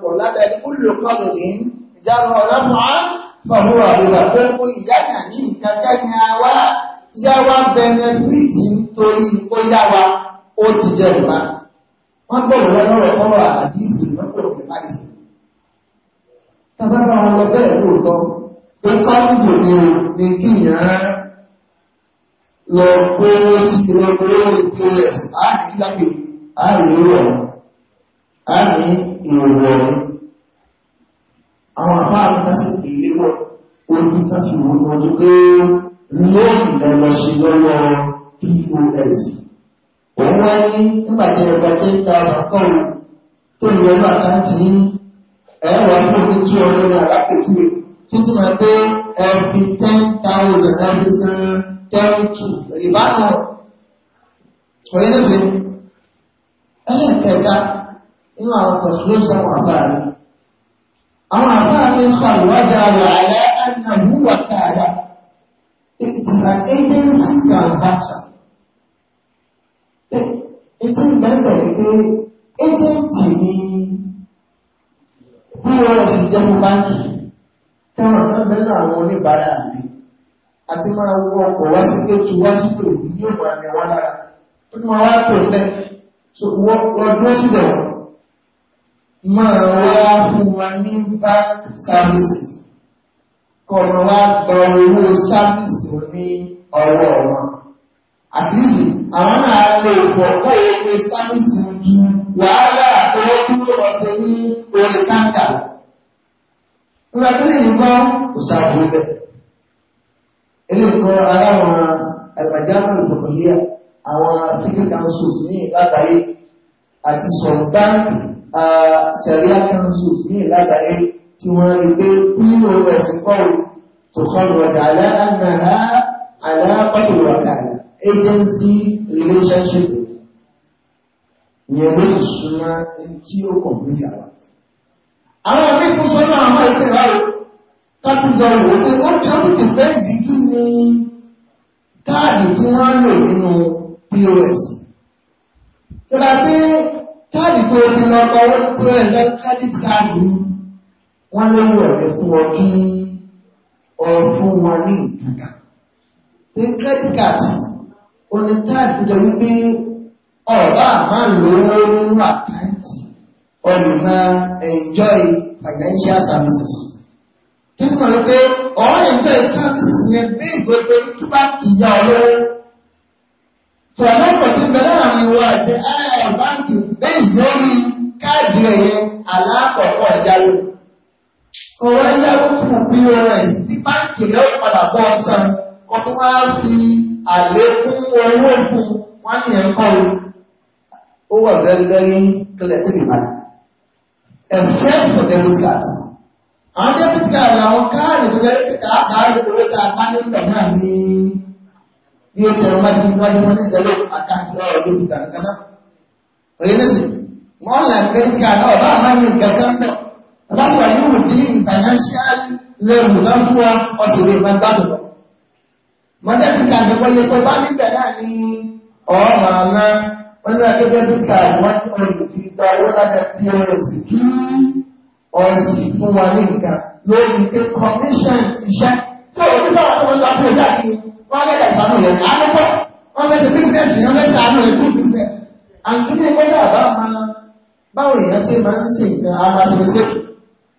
olùkọ́ni ní ìjánu ọ̀lọ́mọ́ yáwa bẹnẹfìtì nítorí ó yáwa ó ti jẹ ìgbà wọn gbọ́dọ̀ lọ lọ́rọ̀ ọ̀rọ̀ àdìsí wọn gbọ́dọ̀ lọ àdìsí. tábàbà wọn lọ bẹ́ẹ̀ lóòótọ́ tó kọ́ńtò ni o ní kí ìyàn lọ pé ó sì ti lọ pé ó lè tó yẹ àti kílápè àárín ìwọ àárín ìwọ ni àwọn àbá àbúkásí ìléwọ orí tá fi wọn lọ pé lóòrùn lọ́wọ́ ṣe lọ́wọ́ pos òun wá ní nígbàtí ẹgbà ten thousand kọ́ọ̀lù tó lè lọ́nà àkáǹtì yín ẹ̀rọ wà fún òní tí ọdún ní alákòókòwé títí máa pé ẹbí ten thousand ẹbí san ten two ìbánu òye ní fi ẹlẹ́ẹ̀kẹta nínú àwọn kọ̀sùlẹ́sì àwọn afárá rẹ̀ àwọn afárá rẹ̀ ń fa ìwádìí àwọn àlẹ́ ẹ̀nà ìwúwà tààrà is an agency transaction. Ètí ìgbẹ́rẹ̀ pé agenti ni POS jẹ́ fún báńkì, kẹwọ̀n náà bẹ́rẹ̀ àwọn oníbàárà àmì àti máa wọ ọkọ̀ wá sí pé tí wá sí pé òun ní òun àmì àwọn lára. Ó ní wọ́n wá tó lẹ́ tó wọ́n dúró sílẹ̀ máa wá fún wa ní bank services kọmọ wá gba owó sáfíìsì ní ọwọ́ wọn àti ìsìn àwọn náà lè fọ owó ní sáfíìsì ju wàhálà owó tí ó lọ sí ní orí káńtà nígbà tó lè yìnbọn kò sáàbùrú bẹ ilé ìkọ́ aláwọn àgbàjáwò ìfọ̀kànlẹ́yà àwọn African councils ní ìlágbàáyé àti some bank uh, Sharia councils ní ìlágbàáyé tí wọ́n rí pé pos kọ́wù tó kọ́lùwọ̀dà aláàmàrá aláàpọ̀lùwọ̀dà agency relationship yẹn ló sì súnmọ́ tí ó kọ̀m̀pútà wà. àwọn akẹ́kọ̀ọ́ sọ́nà àwọn ìtẹ̀wá kápútà wò pé ó kẹ́kọ̀ọ́ ti fẹ́ ìdíjú ní káàdì tí wọ́n lò nínú pos. tó bá dé káàdì tó ti lọ kọ́ wọ́n pé ẹ̀jẹ̀ káàdì káàdì wọ́n léwọ̀ ẹ̀rẹ́ fún wọn kí ọ̀fún wọn ní ìtàkà ní credit card oní táàdì jẹ́ wípé ọ̀bá máa ń lówó nínú àkáǹtì ọ̀nà enjoy financial services tí mo rò pé ọ̀rọ̀ enjoy services yẹn bí ìgbẹ́gbẹ́ tó bá ìyá ọlọ́wọ́ tó ọlọ́pọ̀ tí bẹ̀rẹ̀ àmì wọ àti ẹ̀ ah, báńkì bẹ́ẹ̀ lórí káàdì ẹ̀yẹ alákọ̀ọ́kọ̀ ìyálò ọ̀rọ̀ ẹ̀yà kù pọ́s ní báńkì rẹ̀ padà bọ́ san ọdún wa fi àlékún owó ògùn wọn ní ẹ̀kọ́ o ó wà gẹ́gẹ́rí kílẹ̀ tẹ́lẹ̀ báyìí ẹ̀fẹ́ fún debit card àwọn debit card làwọn káàdì tó yẹ kí káàdì tó yẹ ká bá nígbà náà ní bí o ti ẹ̀rọ máa ti fi wáyé wọn ní ìdẹ́lẹ̀ àkáǹtì ọ̀rọ̀ lórí gbàǹkan náà òye nísìnyí wọn là credit card náà ọba àmọ́ ní nǹkan kan náà. That's why you will be financial level náà fún wa ọ̀sẹ̀ lè máa gbádùn lọ. Mọ̀tẹ́ ti ka àgbẹ̀kọ́ yẹ tó bá níbẹ̀ náà ní ọ̀rọ̀ màá ná wọ́n ní akẹ́kẹ́ tó ka wọ́n ti wọ́n lè fi gba owó lábẹ́ POS kí ọ̀sìn fún wa ní nǹkan lórí pé commission iṣẹ́ tó o nígbà wọn wọn lọ fún ẹja kí wọn lẹ́dà sánú rẹ̀ àlọ́kọ́ wọn fẹ́ ṣe business yẹn fẹ́ sánú rẹ̀ tó business. Àǹtí ní ẹgbẹ́ yàrá máa báwo ìyá ṣe máa ń ṣe nǹkan ara ṣe kù.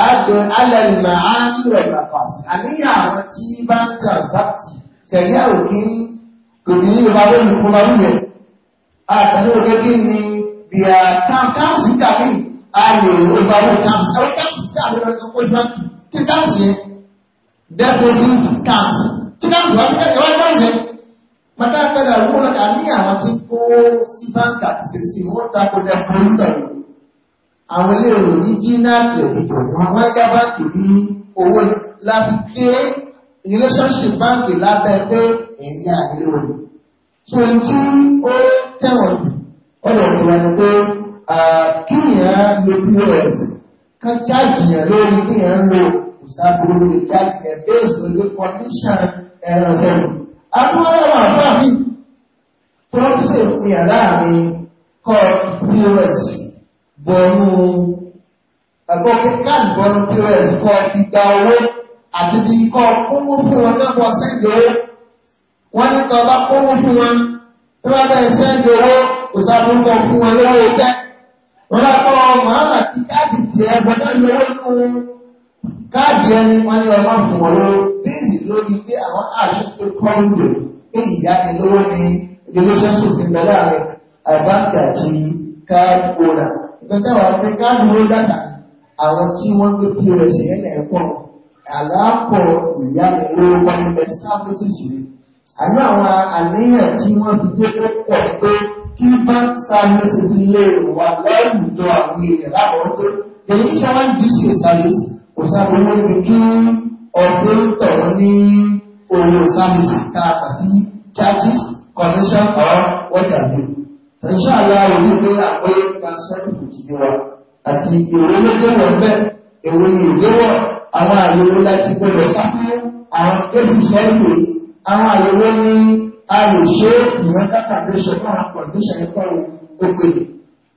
àádùn alẹ́lùmọ̀ àádùrẹ̀ pàpàsì àníyàn àwọn tí bá ń tàbí sẹ̀rí àròkí kò ní ìwà lórí kó máa rúbẹ̀ àtàlẹ́ òkè kí ni bí i káàkiri tàbí àlè ìwà lórí káàkiri àwọn káàkiri tàbí lórí tó kójú máa kí káàkiri yẹn dẹ́pọ̀sìtì káàkiri tí káàkiri wá sí kẹ́kẹ́ wá káàkiri yẹn mọ̀tá pẹ́ẹ́dà rúbọ̀ àníyàn àwọn tí kó sí báńkì àti sèṣì wọ́n tako dẹ́pọ̀sìtì àwọn ilé ìròyìn jíná kìrìtò wọn wọ́n yá báńkì ní owó láti gbé relationship báńkì lábẹ́ pé ẹ̀yìn àìlè òní. tí o tí ó tẹ̀wọ̀n jù ọ̀dọ̀ tí wọ́n ni pé kíyàn lo pos kan jáàjì yẹn lórí kíyàn lo òṣàbùrù lè jáàjì yẹn based on the condition ẹ̀rọ sẹ́nu. àbúrò ẹ̀rọ àfáà mi tí wọ́n fi ṣèpìyàn kọ́ pos bọ̀nú ẹ̀gbọ́n bọ̀nú pos kọ́ ìgbà owó àti bí kọ́ kúmú fún wọn kẹ́kọ̀ọ́ sẹ́ǹdì owó wọ́n ní kọ́ bá kúmú fún wọn tí wọ́n bẹ̀rẹ̀ sẹ́ǹdì owó òṣàbùkọ̀ fún wọn lówó iṣẹ́ wọ́n bá kọ́ mọ̀ọ́mà tí káàdì tiẹ̀ gbọ́dọ̀ lówó fún káàdì ẹni wọ́n ní ọmọ fún wọn lówó bíìsì lórí pé àwọn àṣìṣe kọ́ńdò èyí yáni lówó ní relationship ìgbàlá rẹ̀ àbáǹkì àti káàdì owó náà ìtọ́tẹ́wà pé káàdì wọ́n dàtà àwọn tí wọ́n gbé pọ́s yẹn náà pọ̀ àlàpọ̀ ìyá ìrora ilẹ̀ services rẹ̀ àní àwọn àníyàn tí wọ́n fi dé pọ̀ pé kí bank services lè wà lẹ́yìnjọ àwọn èèyàn láwọn tó the initial judicial service kò sábà wọ́n ní kí ọ̀gbẹ́ tọ̀rọ̀ ní owó service káàkiri charges commission or what have Insha Allah wípé àgbọ́yé nípa sẹ́ẹ̀kù ti yé wa àti èrò lójúwọ̀ bẹ́ẹ̀ èrò ni ìjẹ́wọ̀ àwọn àyẹ̀wò láti gbọ́dọ̀ sáfún àwọn kéjì sẹ́ẹ̀kù àwọn àyẹ̀wò ní a lè ṣe ìyẹn káta ló ṣe fún àwọn kọ̀díṣẹ̀ ẹ̀kọ́ òkè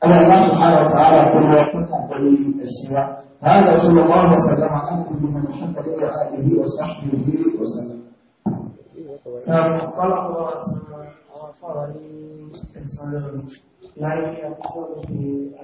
àwọn Allah subhanahu wa ta'ala kò lọ ẹ̀sìn wa هذا صلى الله عليه وسلم على نبينا محمد وعلى أخبرني الصادق لا يأخذ